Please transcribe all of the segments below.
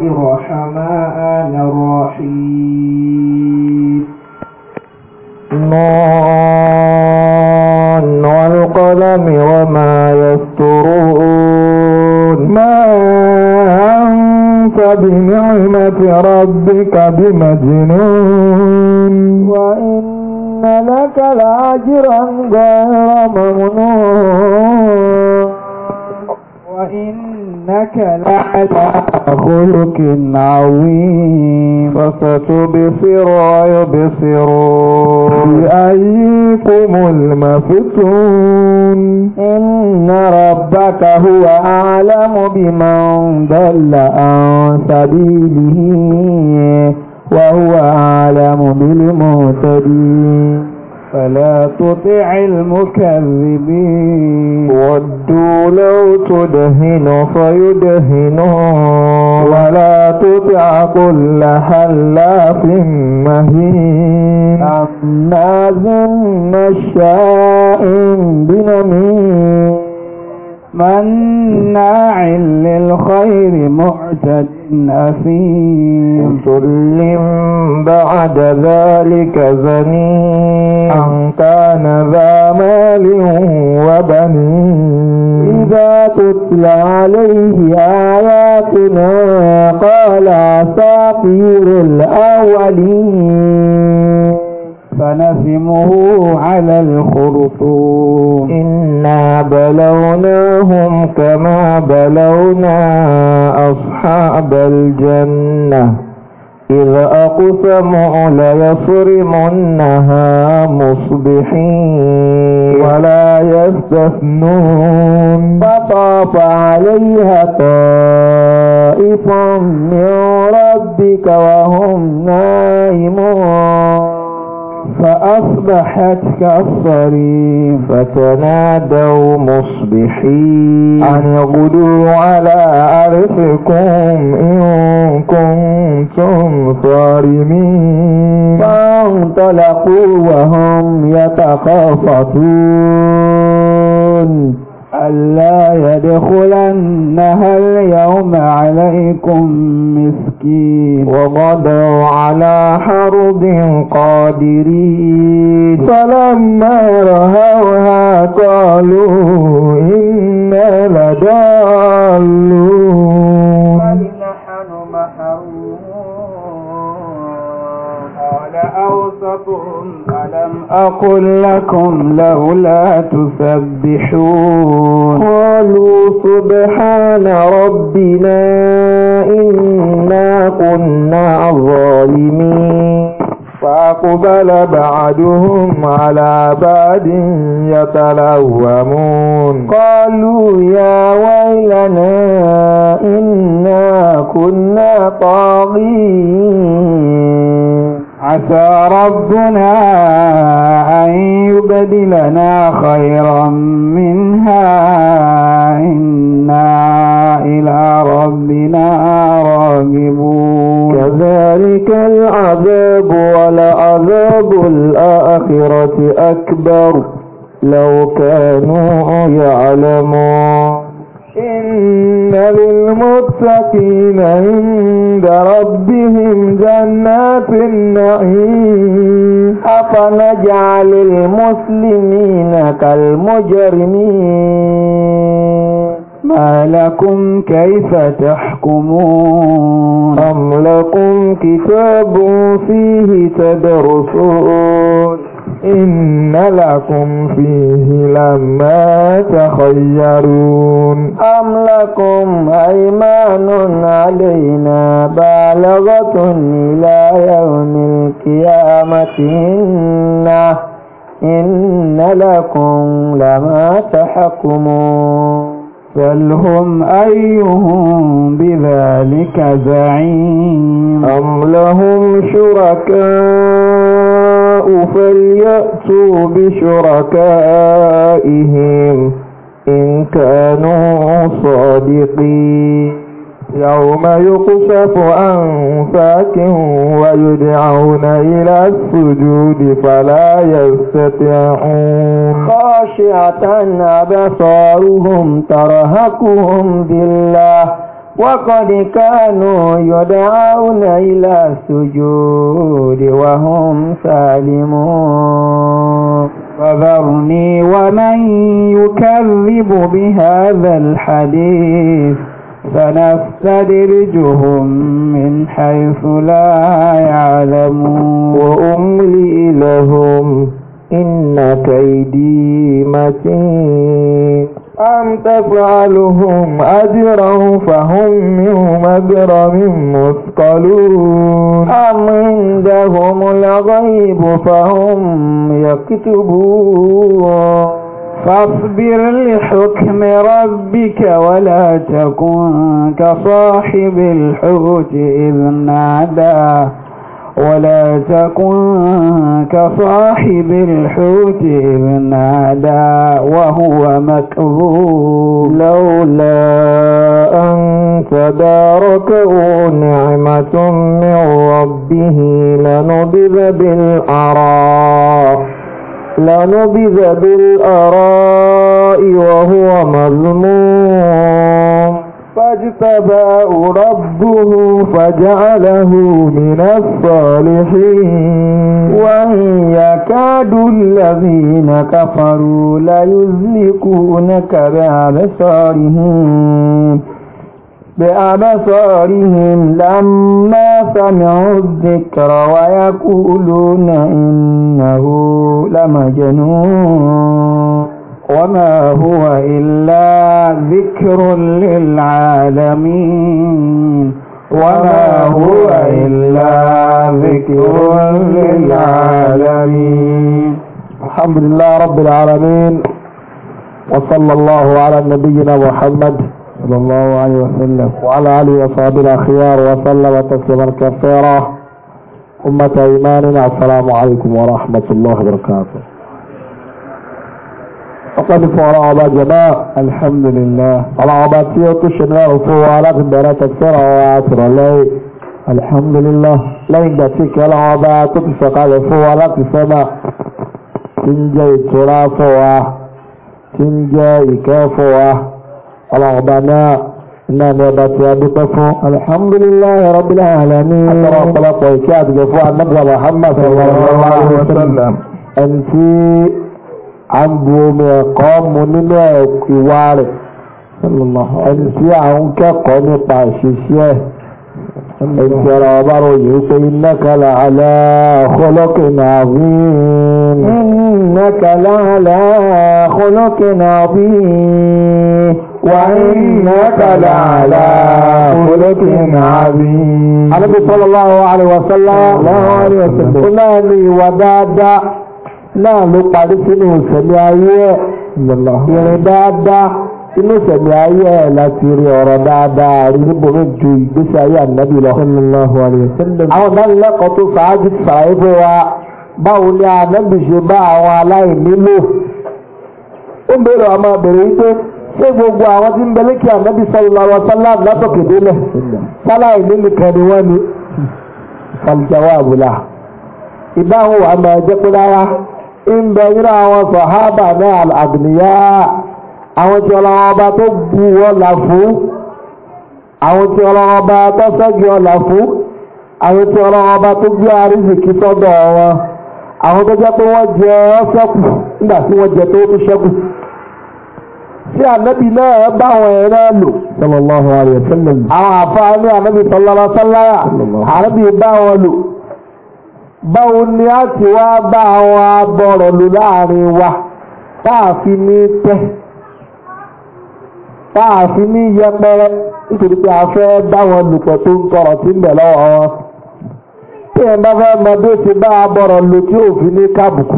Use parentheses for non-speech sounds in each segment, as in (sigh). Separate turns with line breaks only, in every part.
الرحمن الرحيم نون والقلم وما يسترون ما أنت بنعمة ربك بمجنون وإن لك لأجرا غير ممنون وإنك لعلى خلق عظيم فستبصر يبصرون بأيكم المفتون إن ربك هو أعلم بمن ضل عن سبيله وهو أعلم بالمهتدين فلا تطع المكذبين ودوا لو تدهن فيدهنون ولا تطع كل حلاف مهين ذم مشاء بنميم مناع للخير معتد أثيم كل بعد ذلك زنيم كان ذا مال وبنين إذا تتلى عليه آياتنا قال ساقير الأولين فنفمه على الخرطوم إنا بلوناهم كما بلونا أصحاب الجنة إذ أقسموا ليصرمنها مصبحين ولا يستثنون فطاف عليها طائف من ربك وهم نائمون فأصبحت كالصريم فتنادوا مصبحين أن يغدوا على أرثكم إن كنتم صارمين فانطلقوا وهم يتخافتون ألا يدخلنها اليوم عليكم مسكين وغدوا على حرب قادرين فلما رهوها قالوا إنا لضالون بل نحن قال أوسطهم ألم أقل لكم لولا تسبحون قالوا سبحان ربنا إنا كنا ظالمين فأقبل بعدهم على بعد يتلومون قالوا يا ويلنا إنا كنا طاغين عسى ربنا أن يبدلنا خيرا منها إنا إلى ربنا راغبون كذلك العذاب ولعذاب الآخرة أكبر لو كانوا يعلمون إن للمتقين ونجعل المسلمين كالمجرمين ما لكم كيف تحكمون أم لكم كتاب فيه تدرسون إن لكم فيه لما تخيرون أم لكم أيمان علينا بالغة إلى يوم القيامة إن إن لكم لما تحكمون سلهم أيهم بذلك زعيم أم لهم شركاء فليأتوا بشركائهم إن كانوا صادقين يوم يقصف أنفاك ويدعون إلى السجود فلا يستطيعون خاشعة أبصارهم ترهقهم بالله وقد كانوا يدعون إلى السجود وهم سالمون فذرني ومن يكذب بهذا الحديث سنستدرجهم من حيث لا يعلمون وأملي لهم إن كيدي متين أم تفعلهم أجرا فهم من مجرم مثقلون أم عندهم الغيب فهم يكتبون فاصبر لحكم ربك ولا تكن كصاحب الحوت إذ نادى ولا تكن كصاحب الحوت إذ نادى وهو مكذوب لولا أن تداركه نعمة من ربه لنبذ بالعراء لنبذ بالأراء وهو مذموم فاجتباه ربه فجعله من الصالحين وإن يكاد الذين كفروا ليزلقونك بأبصارهم بأبصارهم لما سمعوا الذكر ويقولون إنه لمجنون وما هو إلا ذكر للعالمين وما هو إلا ذكر للعالمين الحمد لله رب العالمين وصلى الله على نبينا محمد صلى الله عليه وسلم وعلى آله وصحبه الأخيار وسلم تسليما كثيرا أمة إيماننا السلام عليكم ورحمة الله وبركاته ọpẹ́ni fún ọ̀rọ̀ ọba jẹ̀mọ́ alhamdulillah ọ̀rọ̀ ọba tí ó tún ṣe náà fún wa láti bẹ̀rẹ̀ tẹ̀síọ̀rọ̀ wa tìrọ̀ lẹ́yìn alhamdulillah lẹ́yìn ìgbà tí kí ọlọ́wọ́ bá tó ti sọ̀kalẹ̀ fún wa láti sẹ́mà tí ń jẹ́ ìtura fún wa tí ń jẹ́ ìkẹ́ fún wa ọlọ́wọ́ bá náà iná ni ọba tí a dúpẹ́ fún alhamdulillah rabbil alamin àtọ́rọ̀ ọ̀pọ̀lọpọ̀ ìkẹ́ à ń bu omi ẹ̀kọ́ mu nínú ìwà rẹ̀ ẹni tí à ń kẹ́kọ̀ọ́ nípa ìṣiṣẹ́ ẹ̀ ìjọra ọba ròyìn pé innaka ala khuluqin azim innaka ala khuluqin azim wa innaka ala khuluqin azim Ànábì sallallahu alaihi wa náà ló parí sínú ìṣẹ̀lẹ̀ ayé ẹ̀ ìrìn dáadáa inú ìṣẹ̀lẹ̀ ayé ẹ̀ láti rí ọ̀rọ̀ dáadáa rí níbòmí ju ìgbésí ayé ànábì lọ. àwọn ìdánilẹ́kọ̀ọ́ tó fàájú fàáyé fún wa báwo ni ànábì ṣe bá àwọn aláìní lò. ó bèrè ọmọ bèrè wípé ṣé gbogbo àwọn tí ń bẹ lékè ànábì sallallahu alaihi wasallam látọ̀kè délẹ̀ sáláìní nìkan ni wọ́n ni. fal jawabu la ìdáhùn máa jẹ́ pé rárá ń bẹ nínú àwọn sọ̀hábà náà àgbìyà àwọn tí ọlọ́run ọba tó bu ọlà fún àwọn tí ọlọ́run ọba tó sẹ́gi ọlà fún àwọn tí ọlọ́run ọba tó gbé àrísìkí sọ́dọ̀ wọn àwọn tó jẹ́ pé wọ́n jẹ ọ́sẹ́kù nígbà tí wọ́n jẹ tó tó ṣẹ́kù tí ànábì náà bá àwọn ẹ̀rẹ́ lò sallallahu alaihi wasallam àwọn àfáà ní ànábì sallallahu alaihi ànábì bá wọn lò báwo ni a ti wá bá àwọn abọ̀rọ̀ lò láàrin wa táàfin ní tẹ́ táàfin ní yẹpẹrẹ nítorí pé a fẹ́ bá lùpọ̀ tó ń tọrọ tí ń bẹ̀ lọ́wọ́ wọn tí ẹ̀ bá fẹ́ mọ bí ó ti bá abọ̀rọ̀ lò tí ní kábùkù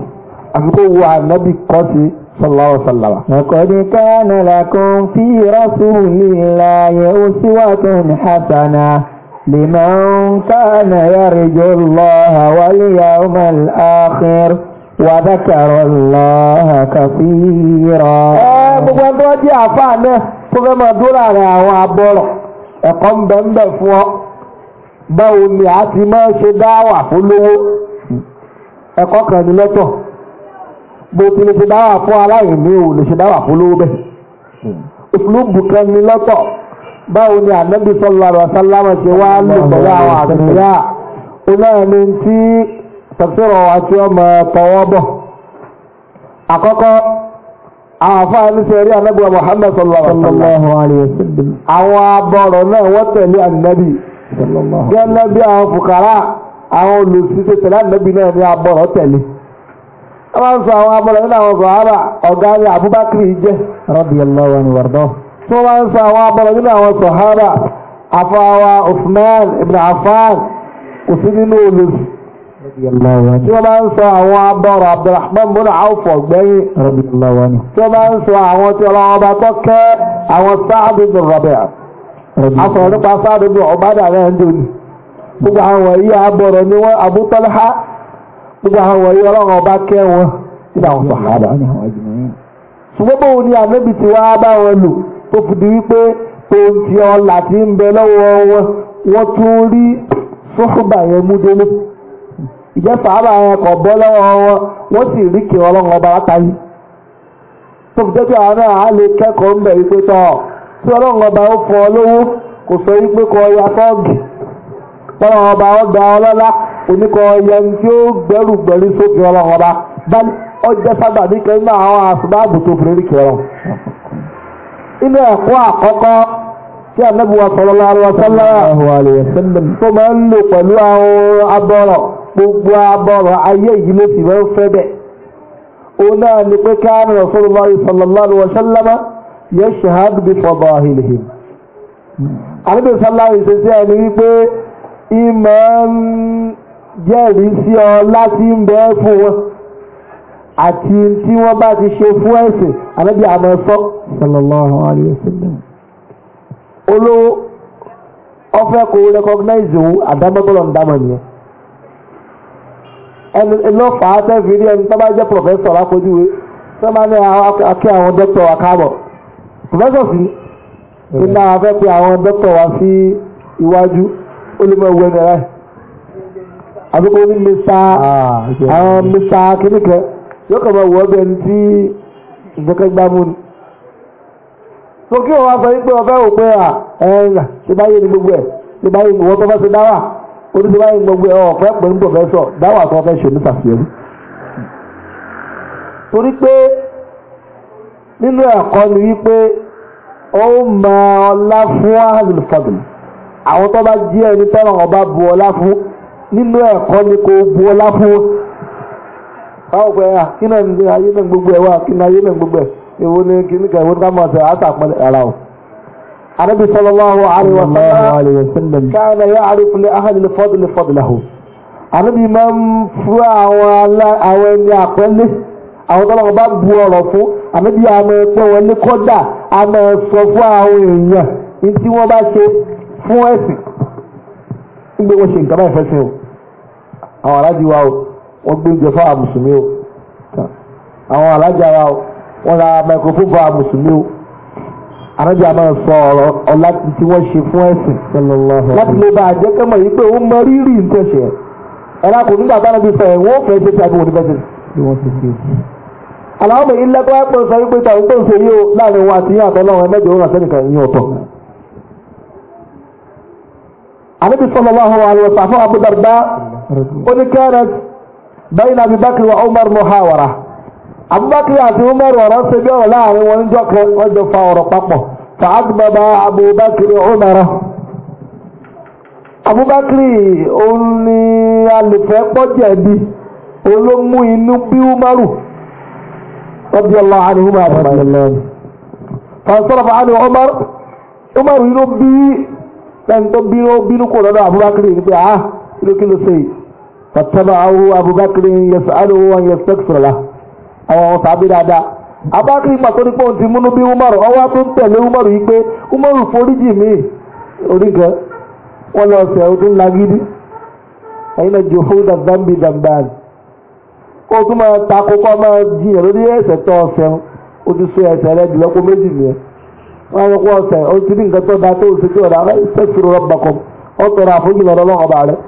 àfi kó wo ànábì kọ́ sí لمن كان يرجو الله واليوم الآخر وذكر الله كثيرا gbogbo ẹgbẹ́ ọdí àfáà náà tó fẹ́ máa dúró ààrẹ àwọn abọ́rọ̀ ẹ̀kọ́ ń bẹ ń bẹ fún ọ báwo ni a ti máa ṣe dáwà fún lówó ẹ̀kọ́ kan ní lọ́tọ̀ bó ti lè ṣe dáwà fún aláìní ò lè ṣe dáwà fún lówó bẹ́ẹ̀ hmm. òfúlùbù kan ní lọ́tọ̀ báwo ni ànábì sallallahu alaihi wasallam ṣe wá lò pẹ̀lú àwọn àgbẹ̀yà onáàni tí tafsirọ̀ àti ọmọ tọwọ́ bọ̀ àkọ́kọ́ àwọn afáà ní sẹ́rí ànábì Muhammad sallallahu alaihi wasallam àwọn abọ́rọ̀ náà wọ́n tẹ̀lé ànábì gẹ́lẹ́ bí àwọn fùkárà àwọn olùsíṣẹ́ tẹ̀lé ànábì náà ní abọ́rọ̀ tẹ̀lé wọ́n sọ àwọn abọ́rọ̀ nínú àwọn ọ̀gá ní Abubakar jẹ́ radiyallahu anhu tí wọ́n bá ń sọ àwọn abọ́rọ̀ nínú àwọn sọ̀hábà afọwà Usman ibn Affan kò sí nínú olùsù tí wọ́n bá ń sọ àwọn abọ́rọ̀ Abdulrahman bin Auf ọ̀gbẹ́yìn tí wọ́n bá ń sọ àwọn tí ọlọ́wọ́ ni Abu tó fi di wípé tòǹtì ọ̀là ti ń bẹ lọ́wọ́ wọn wọ́n tún rí sọ́ọ̀bà yẹn mú délé ìjẹ́ sàábà yẹn kọ̀ bọ́ lọ́wọ́ wọn wọ́n sì rí kí ọlọ́run ọba látàrí tó fi jẹ́jọ́ àárẹ̀ àá lè kẹ́kọ̀ọ́ ń bẹ̀ wípé tọ́ tí ọlọ́run ọba ó fọ lówó kò sọ wípé kọ ya fọ́ọ̀gì ọlọ́run ọba ọgbà ọlọ́lá oníkọ yẹn tí ó gbẹ́rù gbẹ́rí sófin ọlọ́run ọba bá ọjọ́ sábà ní kẹ́ àwọn àṣùbáàbù tó fi rí kí ọlọ́run inú ẹ̀kọ́ àkọ́kọ́ tí ànábùwà sọ̀rọ̀lá àrùwàsánlá tó máa ń lò pẹ̀lú àwọn abọ́rọ̀ gbogbo abọ́rọ̀ ayé yìí ló sì máa ń fẹ́ bẹ̀ ó náà ni pé káàrin Rasulullah sallallahu alaihi wa sallam yashhadu bi ìmọ̀ ń jẹ́rìí sí ọ láti ń bẹ́ fún wọn àti tí wọ́n bá ti ṣe fún ẹ̀sìn ànábì àmọ́ sọ sallallahu alayhi wa sallam. olówó ọfẹ́ kò recognize òun àdámọ́tọ́lọ́ ńdámọ̀ nìyẹn. ẹni lọ́fàá sẹ́fì rí ẹni tó bá jẹ́ pòfẹ́sọ̀ lápojúwe tó máa ní akẹ́ àwọn dókítà wa káàbọ̀ pòfẹ́sọ̀ sí ní náà a fẹ́ àwọn dókítà wa sí iwájú ó lè mọ ìwé ẹ̀rẹ́ àbíkó ní mr ah, àwọn mr kìnìkan yóò kàn máa wọ ọbẹ̀ ní tí ìjọkẹ́ gbá mú ni. so kí wọn wá sọ wípé ọbẹ̀ wò pé à ẹ̀ẹ́nà ṣe báyé ni gbogbo ẹ̀ ṣe báyé ni wọ́n tó fẹ́ ṣe dáwà oníṣẹ́ báyé ni gbogbo ẹ̀ ọ̀fẹ́ pẹ̀ ń pòfẹ́sọ̀ dáwà tó fẹ́ ṣe ní sàfihàn. torí pé nínú ẹ̀kọ́ ni wípé ó máa ọlá fún àhàlùfọ̀dùn àwọn tó bá jí ẹni tọ́ràn ọba bu ọlá fún nínú ẹ̀kọ́ ni kò bu ọlá fún káwọ́ pé à ah, kí náà gbogbo ẹ̀ wá kí na gbogbo ẹ̀ èwo ni kí ní kẹ̀wé ká mọ̀ ọ̀sẹ̀ àtàkùnrin ara o. anabi sallallahu alaihi wa sallam kana ya'rifu li ahli anabi máa ń fún àwọn ẹni àpẹ́lẹ́ àwọn tọ́lọ́ bá bu ọ̀rọ̀ fún anabi àmọ́ ẹ̀pẹ́ wọn ní kọ́dà àmọ́ ẹ̀sọ fún àwọn èèyàn ní tí bá ṣe fún ń gbé wọn ṣe nǹkan báyìí o àwọn wa o. wọ́n gbé oúnjẹ fáwọn mùsùlùmí o àwọn alájà wa o wọ́n ra microphone fáwọn mùsùlùmí o ànájà máa sọ ọ̀rọ̀ ọ̀la tí wọ́n ṣe fún ẹ̀sìn láti lè bá àjẹ́ kẹ́mọ̀ yìí pé ó mọ rírì ń tẹ̀sẹ̀ na kò nígbà bá níbi fẹ̀ wọ́n fẹ́ ṣe wọn e àlàó mi ẹ̀ pọ̀ sọ wípé ń ṣe yìí o láàrin wọn àti bẹ́yìn náà abubakar wa umar muhawara abubakar àti umar ọ̀rọ̀ ṣe bí ọ̀rọ̀ láàrin wọn jọ kan wọ́n fa ọ̀rọ̀ papọ̀ fàádùbàbà abubakar umar abubakar òun ni alùpẹ́ pọ́jẹ̀bi olómú inú bí umaru rọ́bì ọlọ́ àni umar fàṣọ́rọ̀ àni umar umaru inú bí lẹ́yìn bínú kò lọ́dọ̀ abubakar ní pé ah kí ló kí ló fàtàbàáwò abubakar yẹsàálò wọn yẹsẹkṣọ la àwọn ọ̀sàbí dáadáa abubakar pàtó ní pọ́ùn ti múnú bí umaru ọwọ́ tó ń tẹ̀lé umaru yìí pé umaru foríjì mi oríkẹ́ wọn lọ sẹ́ o tó ń lagídí ẹ̀yin náà jòhóda zambi zamban ó tún máa ta kókó máa jiyàn lórí ẹsẹ̀ tó ọ̀sẹ̀ o ti so ẹsẹ̀ rẹ jùlọ kó méjì nìyẹn wọn lọ kó ọ̀sẹ̀ o ti ní nǹkan tó da tó o ti tó ọ̀dà ẹ̀ sẹ́kṣọ rọ̀ bàkọ̀ ọ̀ tọ̀rọ̀ àfojì lọ́dọ̀ ọlọ́run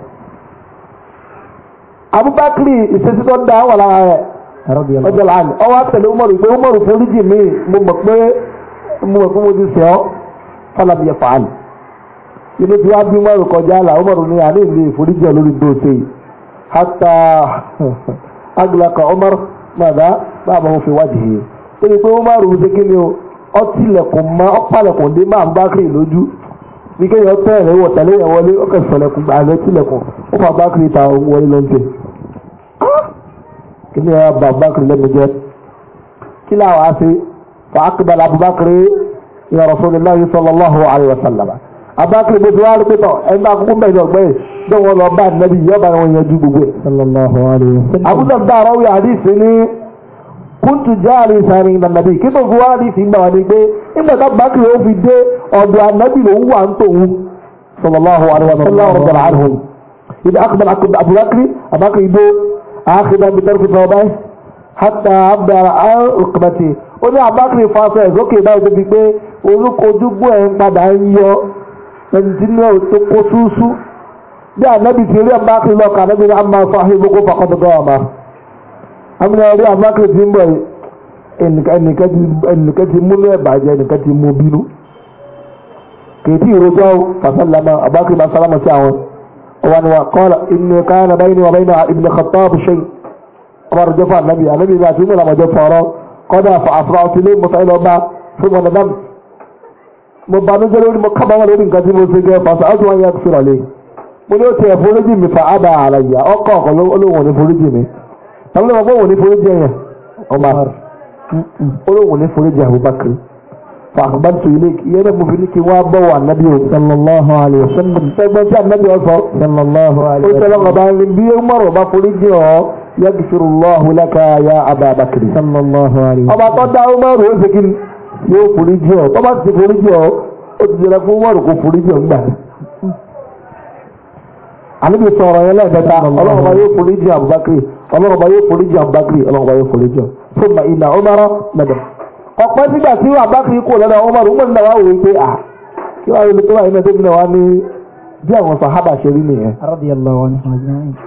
abubakar ìṣesí tó dáa wà lára rẹ̀ ọjọ́ láàánú ọwọ́ àtẹ̀lé umaru pé umaru foríjì mi mo mọ̀ pé mo mọ̀ pé mo ti sẹ́ ọ́ fọlábìyẹ fàánù ilé tí wá bí umaru kọjá là umaru ní àná ìlú ìforíjì hata (laughs) aglaka umar mada báàbà mo fi wájú yìí ó ní pé umaru ṣe kí ni dé kíní ẹ Abubakar lẹ́nu jẹ́ kí láwọn á fi wà á kébà lá Abubakar ya Rasulullah sallallahu alaihi wa sallam Abubakar bó ti wá rí pẹ́tọ̀ ẹ̀ máa kúkú mẹ́jọ gbẹ́yìn tó wọn lọ bá nàbí yọba wọn yanjú gbogbo ẹ̀. sallallahu alaihi wa sallam Abu Darda rawi hadith ni kúntù jáàrin sáré ìlànà nàbí kí tó fi wá rí sí gbà wá ní pé nígbà tá Abubakar ó fi dé ọ̀dọ̀ ànábì lòún wà ń sallallahu alaihi wa sallam ibi akọ̀bẹ̀rẹ̀ akọ̀bẹ̀rẹ̀ Abubakar Abubakar ibo àákìdá bí tẹ́rù fífọ́ báyìí hátà abdara alkùbàtì ó abakri abákìrì fásọ ẹ̀ sókè báyìí débi pé olùkojúgbò ẹ̀ ń padà ń yọ ẹni tí ní ẹ̀ tó kó súúsú bí ànábì ti rí abakri lọ́kà ànábì ní àmà fáhìn gbogbo fàkọ́tọ̀tọ̀ àmà àmì náà rí abakri ti ń bọ̀ ẹnìkan ti mú ní ẹ̀bàjẹ́ ẹnìkan ti mú bínú kèétí ìrojọ́ fàṣálàmà abákìrì bá sí àwọn. وأن قال إن كان بيني وبين ابن خطاب شيء عمر جفا النبي النبي بعد يوم لما جفا قد فأسرعت لي مطعين وما ثم ندمت مبانجة لوري مكبا لوري نكاتي موسيقى فسألت وأن يغفر لي mo ní ó ti ẹ̀fọ́lójì mi fa ábà àlàyé ọkọ̀ ọ̀kan olóhùn ní foríjì mi tàbí lọ́wọ́ òun ní foríjì ẹ̀yàn ọmọ olóhùn ní foríjì Abubakar fàgbàtò ilé yẹ́nà mo fi ní kí wọ́n bọ̀ wà nábì o. sallallahu alayhi wa sallam. sẹ́gbọ́n tí ànábì ọ sọ. sallallahu alayhi wa sallam. ó sọ̀rọ̀ ọba ní bí umaru ọba forí jẹ́ ọ yagfiru Allahu laka ya ababakiri. sallallahu alayhi wa sallam. ọba tó dá umaru ó segin ní yóò forí jẹ́ ọ tọ́ba ti forí jẹ́ ọ ó ti jẹ́ra fún umaru kó forí jẹ́ ọgbà. ànábì sọ̀rọ̀ yẹn lẹ́ẹ̀mẹ́ta ọlọ́run bá yóò forí jẹ́ abubakiri ọlọ́run bá yóò forí jẹ́ abubakiri ọlọ́run ọ̀pẹ́ sígbà tí àbákiri kò lọ́dọ̀ àwọn ọmọdé wọ́n náà wá wò wípé à ah, kí wọ́n rí tó wà nínú ẹgbẹ́ náà wá ní bí àwọn sàhábà ṣe rí nìyẹn.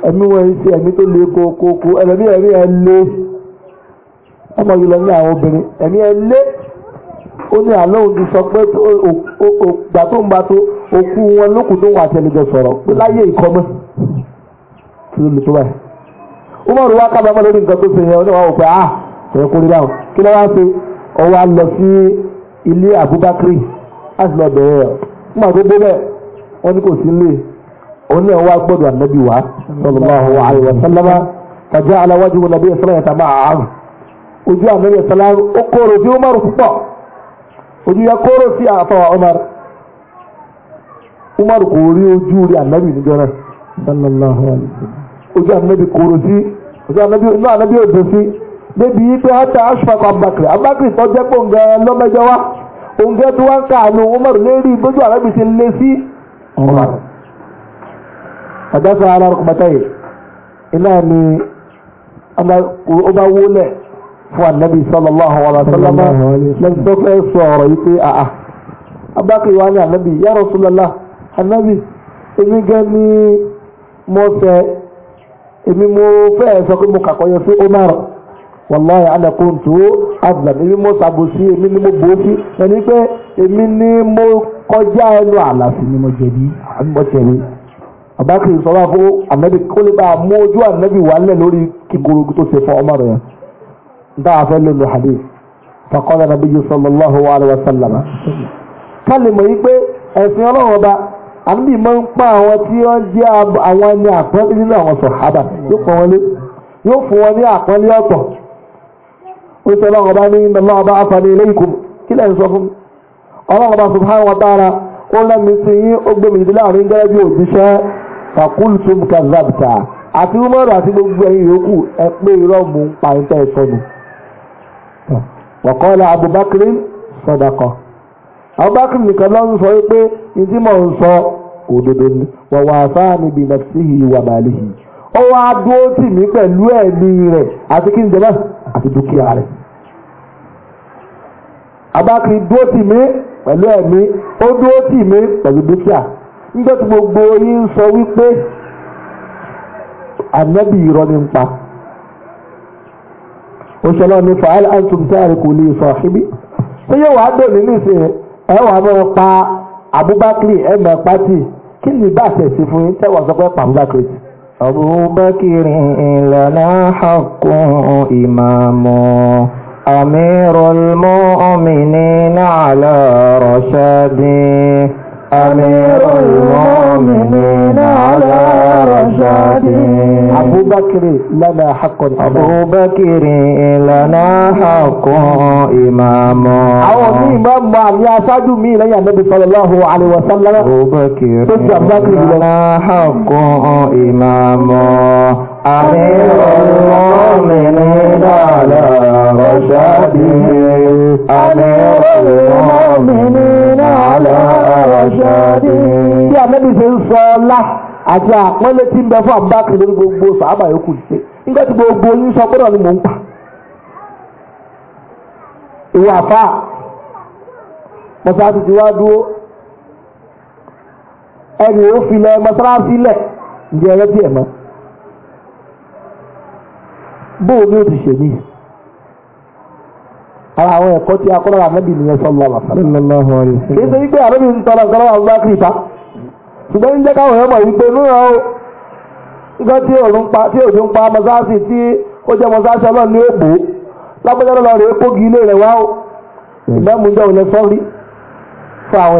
ẹ̀mí wọn ń ṣe ẹ̀mí tó le kókókó ẹ̀mí ẹ̀mí ẹ̀ lé ọmọ yìí lọ ní àwọn obìnrin lé ó ní ti sọ pé gbà tó ń bá tó wọn lókùn tó wà pé láyé lè tó báyìí. ó ah, ó wá lọ sí ilé Abubakar láti lọ bẹ̀rẹ̀ rẹ̀ nígbà tó débẹ̀ wọ́n ní kò sí ilé òun náà wá gbọ́dọ̀ ànábì wá sallallahu alaihi wa sallama tàjá aláwájú wọn nàbí ìsọlá yàtà máa ojú ànábì ìsọlá ó kóró sí Umar púpọ̀ ojú ya kóró sí àfọwà Umar Umar kò rí ojú rí ànábì níjọ náà sallallahu alaihi wa ojú ànábì kóró sí ojú ànábì náà ànábì ò débi wípé ata asfaw abakiri abakiri tó jẹ́ pé òǹgẹ lọ́mẹjọ wa òǹgẹ tó wá ń ka àánú umaru lérí bójú arábì ti lé sí umaru. ni ó bá wólẹ̀ fún anabi sallallahu alaihi wa sallam lẹ́yìn tó fẹ́ sọ ọ̀rọ̀ yìí pé àà ya Rasulullah anabi èmi gẹ́ ni mo fẹ́ èmi mo fẹ́ sọ pé sí umaru. wàláyà alẹ́kùntù abdul èmi mo ṣàbòsí èmi ni mo bòsí ẹni pé èmi ni mo kọjá ẹnu àlàfo ni mo jẹ̀bi mo jẹ̀bi abakiri fún bá a mú ojú anabi wàlẹ̀ lórí kíkoro tó ṣe fún ọmọ rẹ̀ nta afẹ́ lónìí hadith fakọ́lá nàbí yìí sallallahu alaihi wa sallam kálí mọ̀ yìí pé ẹ̀sìn ọlọ́run ọba àbí mọ̀ ń pa àwọn tí wọ́n jẹ́ àwọn ẹni nínú àwọn sọ̀hábà yóò ó sọ ọlọ́run ọba ní iná ọba afani ilaykum kí lẹ́yìn sọ fún ọba wa ta'ala ó lẹ́mi sí yín ó gbé mi ìdílé àárín gẹ́gẹ́ bí òjíṣẹ́ umaru gbogbo ẹ̀yin yòókù ẹ pé Abubakar nìkan sọ pé ìdí mọ̀ òdodo ni ó wá dúró tì mí pẹ̀lú ẹ̀mí rẹ̀ àti kí n jẹ náà àti dúkìá rẹ̀ abákiri dúró tì mí pẹ̀lú ẹ̀mí ó dúró tì mí pẹ̀lú dúkìá nígbà tí gbogbo yín sọ wípé ànábì irọ́ ni ń pa òṣèlú ni fàáyà láǹtùm táàrí kò lè sọ síbí ṣé yóò wá dò ní nísìnyí ẹ wà máa pa Abubakar ẹ kí ni bá sí fún yín tẹ́wọ̀n sọ pé pa Abubakar أبوبكر لنا حق إمام أمير المؤمنين على رشد أمير المؤمنين المؤمنين على رشاده أبو بكر لنا حق أبو بكر لنا حق إمام àwọn ní ìmọ̀ mọ àmì aṣáájú mi lẹ́yìn ànábì sallallahu alaihi wa sallam. Abu Bakr lana أمير المؤمنين على رشده أمير المؤمنين على رشده يا نبي صلى الله àti àpọ́nlé tí ń bẹ fún àbúbákì lórí gbogbo sàábà yòókù ṣe nígbà tí gbogbo yín sọ gbọ́dọ̀ ni mò ń pa ìwà àfà mọ́sáàtì ti wá dúró ẹni ò fi lẹ mọ́sáàtì lẹ̀ ǹjẹ́ ẹ̀rẹ́ tiẹ̀ mọ́. bóò ni ó ara àwọn ẹ̀kọ́ tí a kọ́lọ́ra mẹ́bí nìyẹn sọ́lọ́ àlàfà kì í ṣe wípé àbẹ́bí ń tọ́lá nǹkan lọ́wọ́ àwọn bákìrì ta ṣùgbọ́n ń jẹ́ káwọn èèyàn mọ̀ wípé níwọ̀n o nígbà tí òòrùn pa tí òòrùn ń pa mọ́sáàsì tí ó jẹ́ mọ́sáàsì ọlọ́run ní èbó lápẹ́jọ́ lọ́rọ̀ rẹ̀ kógi ilé rẹ̀ wá o ìmẹ́mu jẹ́ òun sọ́rí fún àwọn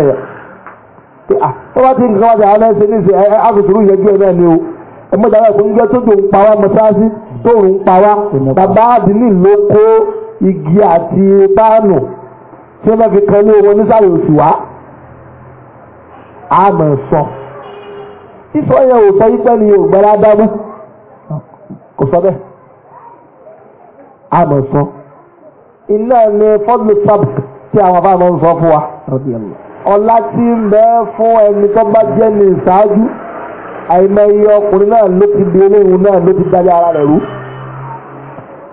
èèyàn tó bá ti tóòrùn ń pa wá bàbá àdínì ló kó igi àti páànù tí wọ́n fi kan ní owó nísàlẹ̀ oṣù wá àmọ̀ sọ sísọ yẹn ò sọ yípẹ́ ni ògbẹ́lá dábú kò sọ bẹ́ẹ̀ àmọ̀ sọ iná ni fọ́dún sábà tí àwọn afáàmù ń sọ fún wa ọlá tí ń bẹ fún ẹni tó bá jẹ́ ní ìṣáájú àìmọye ọkùnrin náà ló ti di eléyìí náà ló ti dájọ́ ara rẹ̀ rú.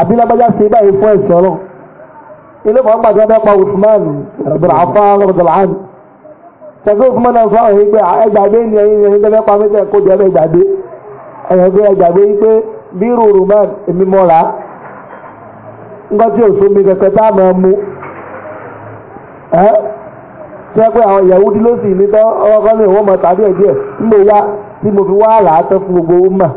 abilabaja ṣe báyìí fún ẹ̀sìn ọlọ́run ilé ìfọwọ́ gbàgbé ọbẹ̀ pa Usman rẹ̀dùn àfa rẹ̀dùn àhán ṣẹ̀gbẹ́ Usman náà sọ àwọn ìgbẹ́ ẹgbàgbé ni ẹ̀yin ẹ̀yin tẹ́lẹ̀ pa mí tẹ́ kó jẹ́ ẹgbàgbé ẹ̀yàn pé ẹgbàgbé yìí pé bí rúurú máa èmi mọ́ra nǹkan tí òṣù mi kẹ̀kẹ́ tá a máa mú ẹ́ tí wọ́n pé àwọn Yahudi ló sì ní tán ní ìwọ́n mọ̀ tàbí ẹ̀díẹ̀ ń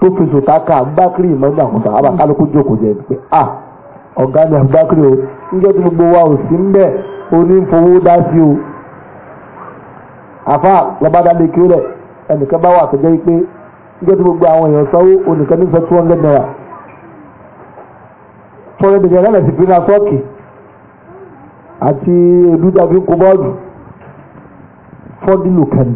tó fi sòtáka àbúbákiri ìmọ̀gbà kùtà àbá kálukú jókòó jẹ pé à ọ̀gá ni àbúbákiri o níjọ́ tí gbogbo wa ò sí ń bẹ̀ onífowó dá sí o àfa lọ́ba dáadé kí ó rẹ̀ ẹnìkan bá wà tó jẹ́ pé níjọ́ tí gbogbo àwọn èèyàn sanwó onìkan ní sọ two hundred naira two hundred naira lẹ́lẹ̀ sí fínra sọ́ọ̀kì àti èdúdàbí kò bọ́ọ̀dù fọ́dílù kẹ́ni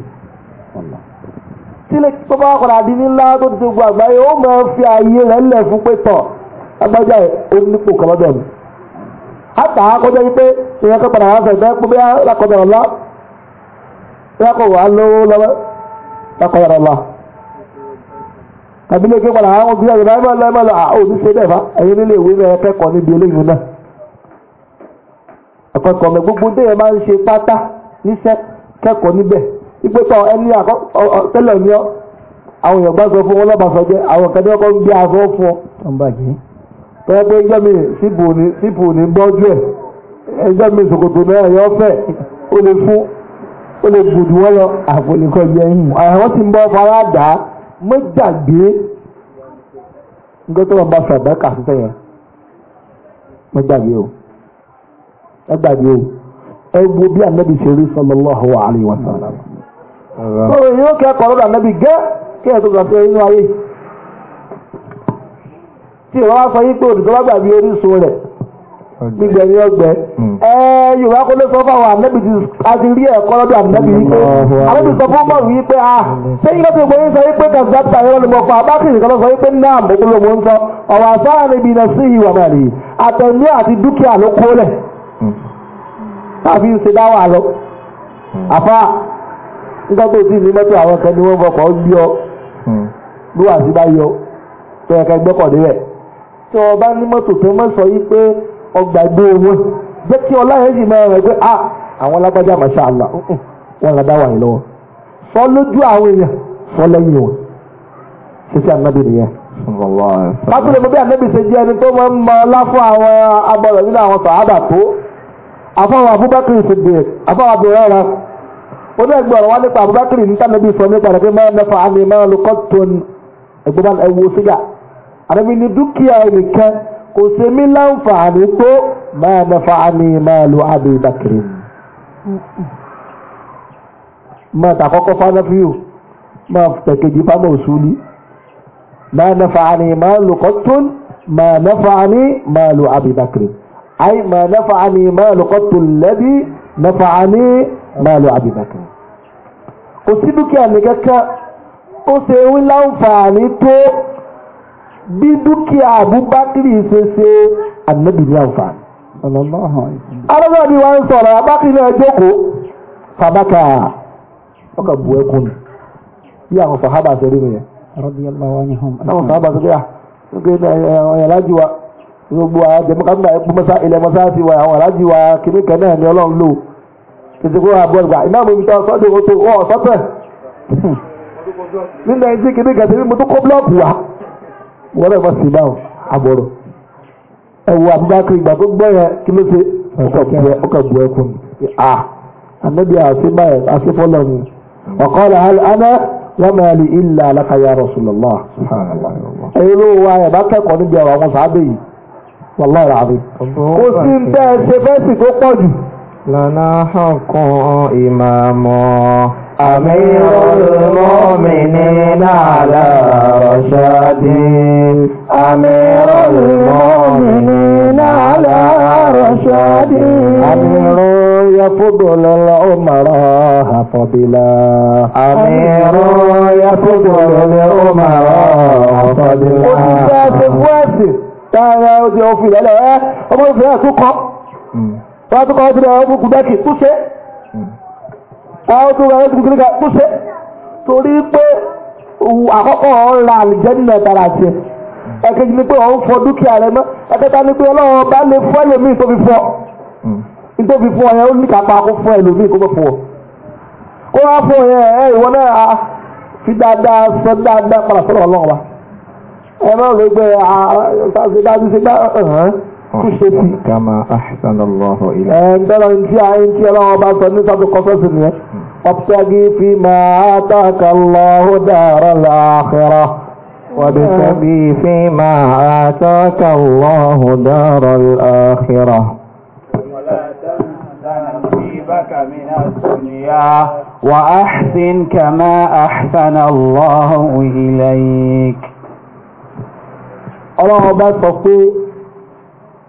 tílé tó bá kọ̀dà di ní ńlá tó ti ṣe gbogbo àgbáyé ó máa fi ààyè rẹ̀ lẹ̀ fún pé tọ̀ agbájá ẹ̀ ó nípò kan lọ́dọ̀ mi. àtà akọjọ́ yìí pé ìyẹn kan padà wá fẹ̀ bẹ́ẹ̀ pé bí lákọ̀dọ̀ ọ̀la lákọ̀ wà lówó lọ́wọ́ lákọ̀dọ̀ ọ̀la. tàbí lóògì padà àwọn obìnrin àgbẹ̀ báyìí lọ́wọ́ máa lọ àwọn oníṣe bẹ́ẹ̀ fa ẹ̀yin nílé ìwé náà kẹ́kọ̀ọ́ níbi eléyìí náà. ẹ̀kọ́ ìpẹ́tọ̀ ẹni tẹ́lẹ̀ ní ọ́ àwọn èèyàn bá sọ fún wọn jẹ́ àwọn kan ọkọ̀ ń gbé aṣọ fún ọ. tọ́wọ́ pé ẹjọ́ sípò ní bọ́jú ẹ̀ ẹjọ́ mi ṣòkòtò náà ẹ̀yọ́ fẹ́ ó lè fún ó lè gbòdì wọ́n lọ àpòlẹ́kọ̀ jẹ́ yìí. àwọn tí ń bọ́ fara dà á mọ́jàgbé nǹkan tó wọn bá sàdákà sísẹ́ yẹn mọ́jàgbé o mọ́jàgbé o ẹ wo bí Ànábì ṣe rí sallallahu alaihi wasallam. so yóò kẹ́kọ̀ọ́ lọ́dọ̀ ànábì gẹ́ kí ẹ̀ gbà sí inú ayé tí ìwọ́n wá sọ yí pé gbàgbé orísun rẹ̀ ní hmm. ẹ yorùbá kó sọ fún àwọn ti àti rí ẹ̀kọ́ lọ́dọ̀ yìí pé a sẹ́yìn lọ́sẹ̀ ìgbẹ yìí sọ yìí pé kàzídápítà yẹn lọ́dọ̀ mọfà abákìrì kan lọ sọ yìí pé náà mọgbọlọ mọ ń sọ ọwọ́ àsára níbi iná sí àti dúkìá ló nígbà tó ti ní mọ́tò àwọn kan ni wọ́n fọkàn ó gbé ọ ló wà sí bá yọ tó yẹ ká gbọ́kànlé rẹ̀ tí o bá ní mọ́tò tó mọ́ sọ yìí pé ọgbà gbé owó jẹ́ kí ọlá yẹn sì máa rẹ̀ pé a ah, àwọn alágbájá masha Allah wọn là dá wà yìí lọ́wọ́ sọ lójú àwọn èèyàn sọ lẹ́yìn wọn ṣíṣe ànábì nìyẹn. Bábílẹ̀ mo bí ànábì ṣe jẹ́ ẹni tó máa ń mọ ọlá fún ó bẹ́ẹ̀ gbọ́ ọ̀rọ̀ wá nípa Abubakar níta níbi ìfọ̀ nípa rẹ̀ pé máa nẹ́fà á ní máa lo kọ́tòn ẹ̀gbọ́n ẹ̀wò sígà àdàbí ní dúkìá nìkan kò ṣe mí láǹfààní tó máa nẹ́fà á ní máa lo Abubakar. máa tàkọ́kọ́ fánáfíò máa tẹ̀kejì fáná òṣùlù máa nẹ́fà á ní máa lo kọ́tòn máa nẹ́fà á ní máa lo Abubakar. أي ما نفعني مال قط الذي نفعني مال أبي بكر kò sí dúkìá nìkankan ó ṣe ń láǹfààní tó bí dúkìá àbúbákìrì ṣe ṣe ànábì ní àǹfààní. arábìnrin mi wá ń sọ̀rọ̀ àbákìrì náà jókòó fàbákà ọkà bu ẹkún ni bí àwọn sàhábà ṣe rí mi yẹn. àwọn sàhábà ṣe rí à ń gbé ẹ̀yà lájú wa gbogbo àjẹmọ́ká ń gbà ẹ̀kú mọ́sá ilẹ̀ mọ́sá ti wà àwọn alájú wa kìnnìkan náà ni ọlọ́run lò. ìdìbò àbọ̀ ìgbà ìmáàmù ibi tí wọ́n sọ́dọ̀ ní nàìjíríà kìíní gàdé mi tó kó búlọ́ọ̀kù wá. wọ́n rẹ̀ mọ̀ sí i báwọn àbọ̀rọ̀. ẹ wo Abubakar ìgbà tó gbọ́ yẹn kí ló ṣe ọkọ̀ bu ẹkùn ni. ànábì àṣìbá ẹ̀ àṣìfọ́lọ́ ni. ọ̀kọ́lá aná wọ́n máa lè ilà alákàyà لنا حق إمام أمير المؤمنين على رشاد أمير المؤمنين على رشاد أمير يفضل الأمراء فضلا أمير يفضل الأمراء فضلا قدس واسف تعالى ودي أوفي لا لا أمر فيها سقط wọ́n tó kọ́ tó rẹ̀ ọmọ gùdákì púṣẹ́ àwọn tó rẹ̀ ọmọ gùdákì púṣẹ́ torí pé àkọ́kọ́ ọ̀rọ̀ àlìjẹ́nà tààrà jẹ ẹ̀kejì ni pé ọ̀hún fọ dúkìá rẹ mọ́ ẹ̀kẹta ni pé ọlọ́run bá lè fọ́ ẹlòmíì tó fi fọ́ tó fi fọ́ ẹ ó ní kápá kó fọ́ ẹlòmíì kó fọ́ ọ kó wá fọ́ ẹ ẹ ìwọ náà fi dáadáa sọ dáadáa padà sọ́dọ̀ ọlọ́run wa ẹ má kúṣetì. kama ahsanallahu ilẹ̀. ẹ̀ ń tẹ́lọ̀ ní tí a ń tí ọlọ́run ọba sọ ní sọ́tún kọ́sọ́sì nìyẹn. ọ̀pṣẹ́gi hmm. fi máa tàkà lọ́hùn dàrọ́ làákìrọ̀. وابتغي فيما آتاك الله دار الآخرة ولا تنس نصيبك من الدنيا وأحسن كما أحسن الله إليك الله أبا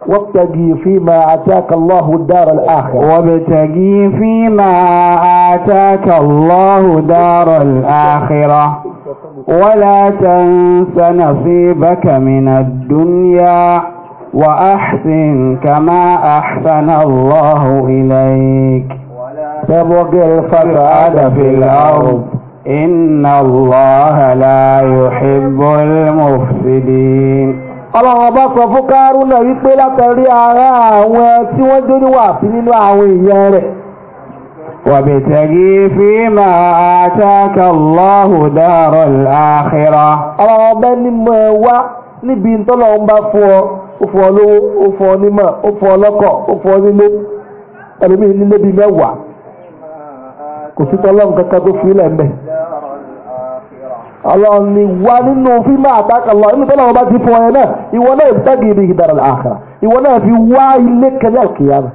وابتغي فيما آتاك الله الدار الآخرة وابتغي فيما آتاك الله دار الآخرة ولا تنس نصيبك من الدنيا وأحسن كما أحسن الله إليك تبغ الفساد في الأرض إن الله لا يحب المفسدين ọlọ́run ọba sọ fún kárúnà wípé látàrí ara àwọn tí wọ́n jó níwà sí nínú àwọn èèyàn rẹ̀ wàbẹ̀tẹ̀gí fi máa tàkà lọ́hù dárọ̀ láàkírá ọlọ́run ọba nímọ̀ ẹ wá níbi tọ́lọ̀ ń bá fún ọ ó lówó ó fún ọ nímọ̀ ó fún ọ nílé bíi mẹ́wàá kò sí tọ́lọ́ nǹkan tó fi ilẹ̀ ń bẹ̀ ọlọ́run ni wà nínú fíìmù àtàkàlọ́ inú tọ́lá wọn bá ti fún ọ yẹn náà ìwọ náà ìbítàgì ibi ìdàrọ̀ àkàrà ìwọ náà fi wá ilé kẹlẹ́ òkèèyàn.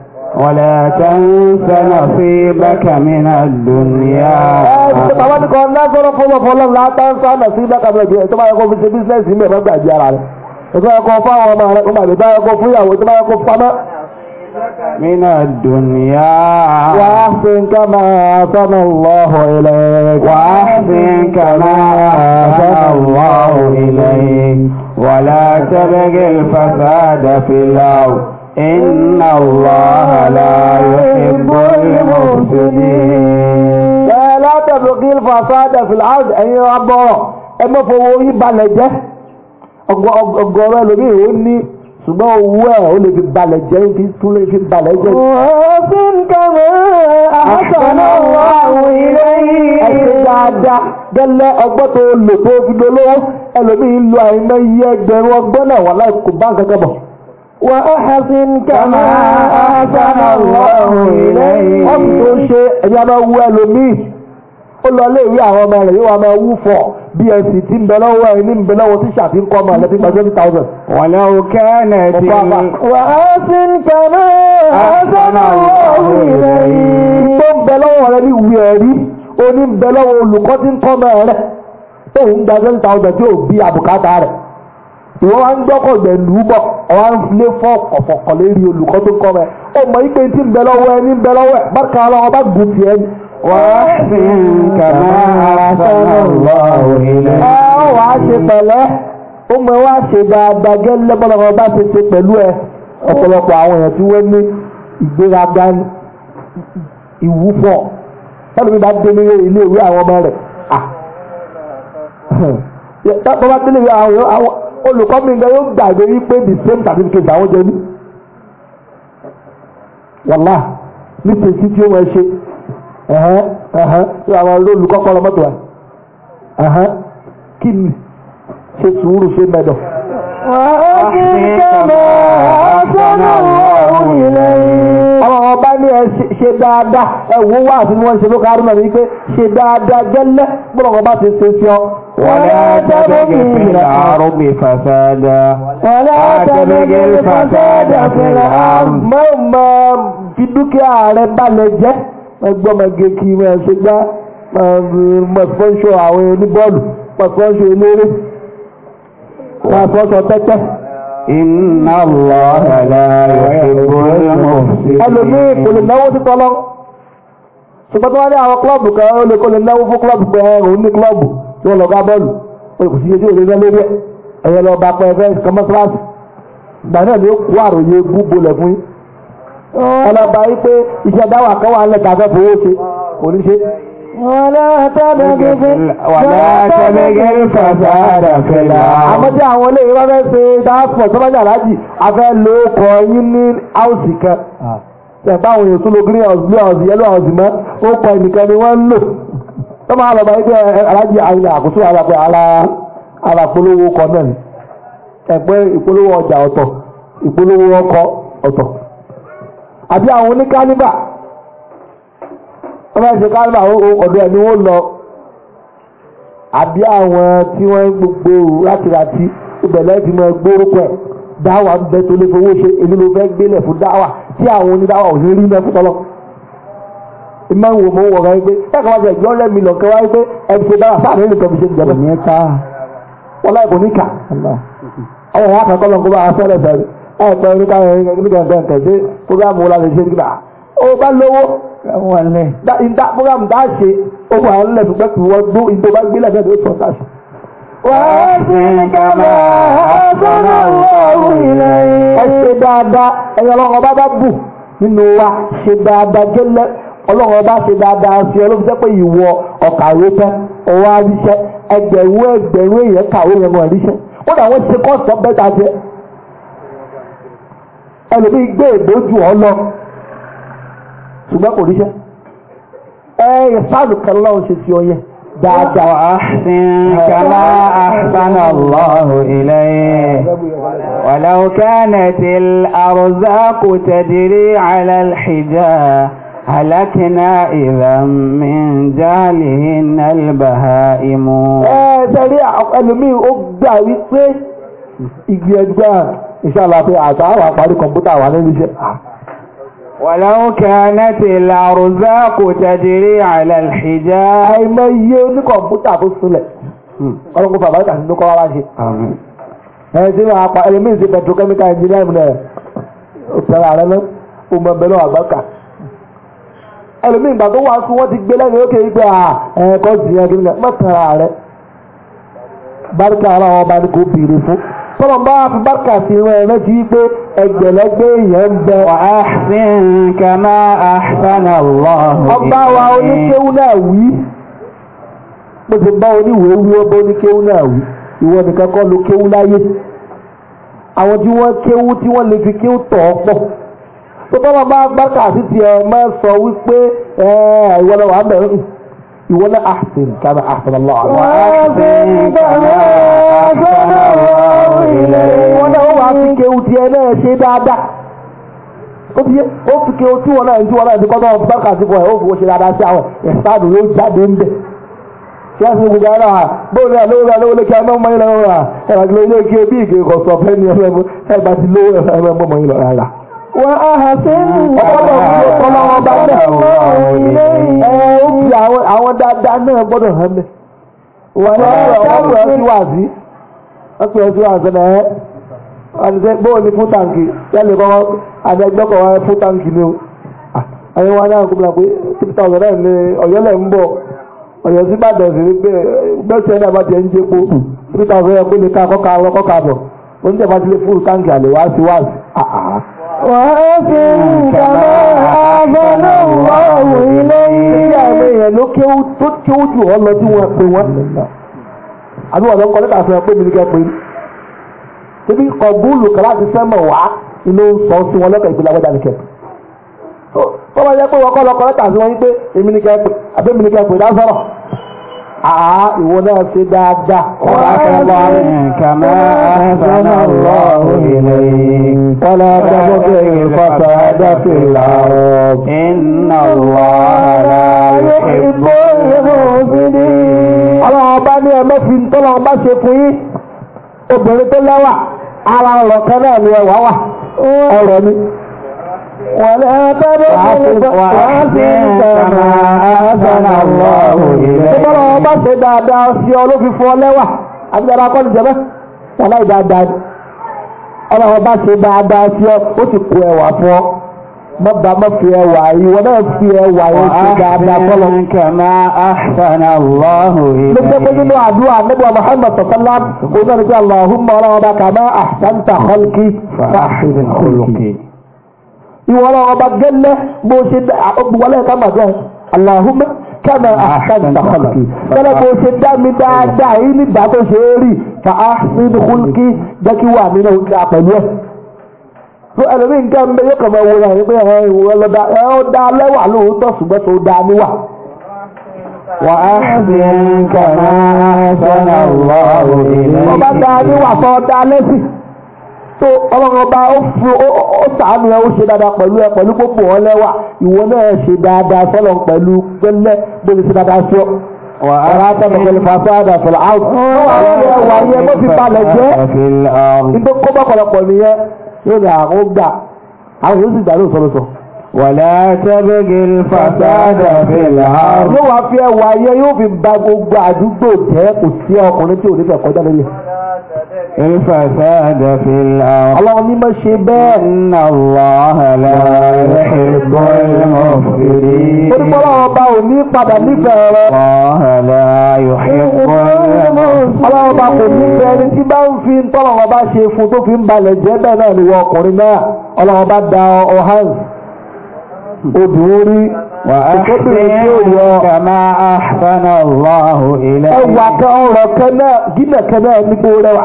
wọlé tẹ́ńsánà sí bákàmínà lónìá. ẹ ṣe bàbá mi kan lásọ̀rọ̀ fọlọ́fọlọ́ látàǹsánà sí bákàmínà jẹ́ ẹ̀ tó bá yẹ kó fi ṣe bísíǹsì mi ẹ̀ má gbàgbé ara rẹ̀ ẹ̀ tó yẹ kó fáwọn ọmọ rẹ̀ من الدنيا وأحسن كما أحسن الله إليك وأحسن كما أحسن الله إليك ولا تبغ الفساد في الأرض إن الله لا يحب المفسدين لا تبغ الفساد في الأرض أي رب أما فوقي بلده أقوى أقوى أقوى ṣùgbọ́n owó ẹ̀ ó lè fi balẹ̀ jẹ́ fi tún lè fi balẹ̀ jẹ́. òfin kẹwé àṣọ̀nà àwọn ilé yìí. ẹ̀sìn dáadáa gẹ́lẹ́ ọgbọ́n tó lò tó fi dolówó ẹlòmíín lo àìmọ́ iye ẹgbẹ̀rún ọgbọ́n náà wà láì kó bá nǹkan bọ̀. wà á hàṣin kẹwé àṣọ̀nà àwọn ilé yìí. wọ́n ti tó ṣe ẹ̀yà máa wú ẹlòmíín ó lọ lé ìwé àwọn ọmọ rẹ̀ yóò wá máa wú fọ̀ bsc ti ń bẹ lọ́wọ́ ẹni ń bẹ lọ́wọ́ tíṣà tí ń kọ́ ọmọ rẹ̀ nípa twenty thousand. wàlẹ́ o kẹ́ẹ̀nẹ̀ di. wà á sì ń kẹ́nu àṣẹ́nà ọ̀hún ilẹ̀ yìí. tó ń bẹ lọ́wọ́ rẹ ní ìwé ẹ̀rí ó ní ń bẹ lọ́wọ́ olùkọ́ tí ń kọ́ ọmọ rẹ̀ tóun gba twenty thousand tí ò bí àbùkátà rẹ̀ ìwọ wa ń gbọ́kọ̀gbẹ̀ lù ú bọ̀ ọ̀wá ń filé fọ́ ọ̀fọ̀kọ̀ lérí olùkọ́ tó kọ́ rẹ̀ ó mọ ipe tí ń bẹ lọ́wọ́ ẹni ń bẹ lọ́wọ́ ẹ̀ bákan ara wọn bá gùn tiẹ̀ ni. wà á fi kàmá ara sọ́nà lọ òhìnlẹ̀. ẹ wà á ṣe pẹ̀lẹ́ ó mọ wá ṣe dáadáa gẹ́lẹ́ bọ́lọ́kọ́ bá ṣe ṣe pẹ̀lú ẹ ọ̀pọ̀lọpọ̀ àwọn èèyàn tí wọ́n ní ìgbéraga ìwúfọ̀ tọ́lùmí bá olùkọ́ mi gan yóò gbàgbé wípé the same certificate àwọn jẹ ní. wàlá ní tèsí tí ó máa ṣe àwọn olùkọ́ kọ́ lọ́mọ́tò wa kí ni ṣe sùúrù ṣe mẹ́dọ̀. wàá kí n kẹ́ mọ́ ọ́ sọ́nà ọ̀hún ilẹ̀ yìí ọba ní ẹ ṣe dáadáa ẹ wò wá àti wọn ṣe lókàárù náà wípé ṣe dáadáa gẹ́lẹ́ gbọ́dọ̀ ọba ti ṣe sí ọ. ولا تبغي في الأرض فسادا ولا تبغي الفساد في الأرض má máa fi dúkìá rẹ balẹ̀ jẹ́ ẹgbọ́mọge kí wọ́n ṣe gbá mọ̀fọ́ṣọ àwọn oníbọ́ọ̀lù mọ̀fọ́ṣọ eléré mọ̀fọ́ṣọ tẹ́tẹ́. Iná lọ ẹ̀lá ìwọ̀ ẹlòmí ìpòlè náwó títọ́ lọ. Ṣùgbọ́n tó wá ní àwọn klọ́ọ̀bù kan ó lè kó lè náwó fún klọ́ọ̀bù pé ẹ̀rọ ní klọ́ọ̀bù tí wọ́n lọ gbá bọ́ọ̀lù. Ó kò sí ojú ìrẹ́lẹ́ lórí ẹ̀yẹ lọ bá pẹ́ ẹgbẹ́ ìkan mọ́sálásì. Ìgbà náà ni ó kó àròyé ولا àwọn ìwọ́n fẹ́ ṣe dáàpọ̀ tó bá afẹ́ ló kọ kan ah. àwọn lo green house blue house yellow house mọ́ ó ni wọ́n lò tó máa lọ bá yí ara polówó kọ náà ni ẹ̀pẹ́ ìpolówó ọjà ọ̀tọ̀ ìpolówó ọkọ̀ ọ̀tọ̀ àbí àwọn oníkáníbà wọ́n bá ṣe kálùbà ọ̀dọ̀ ẹni wọ́n lọ àbí àwọn tí wọ́n ń gbogbo rátìrátì ìbẹ̀lẹ̀ ti mọ gbórúkọ ẹ̀ dáwà ń bẹ tó lé fowó ṣe èmi ló fẹ́ gbélẹ̀ fún dáwà tí àwọn onídáwà ò ní rí mẹ́fún tọ́lọ́ ìmọ̀ ń wò mọ́ wọ̀ wáyé pé táàkà wájú ẹ̀jọ́ lẹ́mi lọ́kẹ́ wáyé pé ẹni ṣe dáwà sáà nínú ìkọ̀ fi ṣe ìjọba. òní ká wọn láì kò ní kà ọwọ́ wọn kàn kọ́lọ́ nǹkan fẹ́rẹ̀ fẹ́rẹ̀ ẹ̀ pẹ́ oníkàwé nígbà nǹkan kẹ̀ ẹ̀wọ̀n lẹ̀. ìdá program dá ṣe ó wà ń lẹ̀dùn pẹ́ kí wọ́n gbó ìdó bá gbé lẹ́gbẹ̀ẹ́ ló sọ sáṣù. wàá sí kàmá sọ́nà ọ̀hún ilẹ̀ yìí. ẹ ṣe dáadáa ẹ̀yin ọlọ́run ọba bá bù nínú wa ṣe dáadáa jẹ́lẹ̀ ọlọ́run ọba ṣe dáadáa sí ọ ló fi jẹ́ pé ìwọ ọ̀kàwé ṣùgbọ́n kò ríṣẹ́ ẹ ìfáàlù kan lọ́wọ́ ṣe sí ọyẹ dáadáa. wà á sin kama ahsana Allahu ilayhi walau kanatil arzaqu tadri ala al-hijaa halakina idhan min jahlihin al-bahaimu. ẹ sẹ́rí ẹlòmíì ó gbà wípé ìgbìyànjú ìṣàlàfẹ́ àtàwọn àparí kọ̀ǹpútà wà nínú iṣẹ́. ولو كانت الأرزاق تجري على الحجاب àìmọye ní kọ̀ǹpútà tó sílẹ̀ hmm. ọlọ́run bàbá ìtàn nínú kọ́ wá ṣe ẹni tí wọ́n apá ẹni mìíràn sí petrochemical engineering náà òtẹ́rà rẹ lọ ọmọ ẹgbẹ́ náà àgbàkà ẹlòmíì ìgbà tó wá sí wọ́n ti gbé lẹ́nu ókè gbé ẹ̀ẹ́kọ́ jìyàn kí ni mọ́tàrà rẹ báríkà ara wọn bá ní kó bìrì fún tọ́lọ̀ bá fi bárkà sí irun ẹ̀rẹ́ ti wípé ẹgbẹ̀lẹ́gbẹ̀ èèyàn ń bẹ. wà á sí nǹkan máa àṣánà lọ́hùn. ọba wa oníkéwú náà wí bó ti bá oníwèé wí ó bá oníkéwú náà wí ìwọ nìkan kọ́ ló kéwú láyé àwọn tí wọ́n kéwú tí wọ́n lè fi kéwú tọ̀ ọ́ pọ̀ tó tọ́lọ̀ bá bárkà sí ti máa sọ wípé ìwọ náà wà bẹ̀rẹ̀ ìwọ náà àṣìn kàmá àṣìn lọ́hùn. wọ́n náà wọ́n wá fi kéwù tiẹ̀ náà ṣe dáadáa ó fi ó fi kéwù tí wọ́n náà ń tí wọ́n náà ti kọ́ náà bá kà fún ẹ̀ ó fi wọ́n ṣe dáadáa sí àwọn ló jáde ń bẹ̀ wọ́n ti gbogbo ara bóun náà lówó náà lówó lókè ike bí ti lówó rà. wọ́n wọ́n pè é sí àwọn àgbẹ̀nà ẹ̀ àdìsẹ́ bóun ni fún tàǹkì yálẹ̀ kọ́kọ́ àdẹ́gbọ́kọ̀ wa fún tàǹkì ni o àyẹ̀ wọn náà kúmọ̀ pé three thousand náà ni ń bọ̀ ọ̀yọ́ sí bàdàn sí bẹ́ẹ̀ náà bá jẹ́ ń jẹ́ pé ní lọ bọ̀ bá fún tàǹkì wá sí wá sí. wàá àbí wọn lọ kọ lẹ́tà fún ẹ pé mi ní kẹ́ pé níbi kọ̀bùlù kan láti sẹ́mọ̀ wá inú sọ sí wọn lọ́kàn ìpínlẹ̀ agbẹ́dá ní tó bá yẹ pé wọ́n kọ́ lọ kọ lẹ́tà sí wọn pé èmi ní kẹ́ pé àbí mi ní kẹ́ pé lásọ̀rọ̀ àá ìwọ náà ṣe dáadáa ọ̀rọ̀ àtàwọn ààrẹ kàmá àtàwọn ọ̀rọ̀ òhìnlẹ̀ kọ́lá dábọ́dé ìfọ̀tà dáfìlà ọ̀rọ̀ iná wàhálà ìbò ọlọ́mọ fi tọ́lọ́ ọba ṣe fún yín obìnrin tó lẹ́wà ara ọ̀rọ̀ kan náà ni ẹwà wà ọ̀rọ̀ ni. Wàlẹ́ abẹ́rẹ́ ìlú wàá sí ìtàmà àbẹ̀rẹ̀ àlọ́hùn ilé. Ṣé bọ́lá ọba ṣe dáadáa sí ọ ló fi fún ọ lẹ́wà? ni. Ọlọ́run má ba má fi ẹwà yìí wọn náà fi ẹwà yìí ṣe dáadáa fọlọ. wàá kàmá àṣàna lọ́hùn ilé. ló jẹ́ pé nínú àdúrà nígbà Muhammad sọ̀tọ́lá kò náà nígbà Allahumma ọlọ́ọ̀dà kàmá àṣàǹtà kọ́lùkì fàṣìrìn kọ́lùkì. ìwọ ọlọ́ọ̀dà gẹ́lẹ́ bó ṣe wọlé ẹ̀ka màdúrà Allahumma kama ahsanta khalqi kala bó ṣe dá mi dáadáa yìí nígbà tó ṣe é rí fa ahsin khulqi jẹ́ kí wà mí náà ẹlòmíì nǹkan ń bẹ yóò kàn máa wo ra ẹgbẹ́ ẹ ìwọ ọlọ́dà ẹ ó dá lẹ́wà lóòótọ́ ṣùgbọ́n tó dá níwà. wà á sì ń kàrà sọ́nà lọ́wọ́ ìlú. wọ́n bá dá níwà tó dá lẹ́sìn. tó ọlọ́run ọba ó fún ó sàánú ẹ ó ṣe dáadáa pẹ̀lú ẹ pẹ̀lú gbogbo wọn lẹ́wà ìwọ náà ṣe dáadáa sọ́lọ̀ pẹ̀lú pẹ́lẹ́ gbogbo ṣe dáadáa sọ. ولا تبغي الفساد في الأرض. وهي وهي ما في بالك. إذا كبر قلقوا yóò gbà àwọn gbà àwọn yóò sì gbà lóòótọ́ lóòótọ́. wàlẹ́ tẹ́bẹ́gẹ́ fàtàdà bẹ̀rẹ̀ àrùn. yóò wá fi ẹwà ayé yóò fi ba gbogbo àdúgbò jẹ́ kò sí ọkùnrin الفساد في الأرض اللهم ما شبه إن الله لا يحب المفسدين الله لا يحب ọlọ́run bá kò ní fẹ́ ẹni tí bá ń fi ń tọ́lọ́run bá ṣe fún tó fi ń balẹ̀ jẹ́ bẹ́ẹ̀ náà ni wọ́n ọkùnrin náà ọlọ́run bá da ọ̀hán obìnrin ìkọ́bìnrin tí ó yọ ẹwà kan rọ̀ kẹ́lẹ́ gílẹ̀ kẹ́lẹ́ nígbó rẹwà.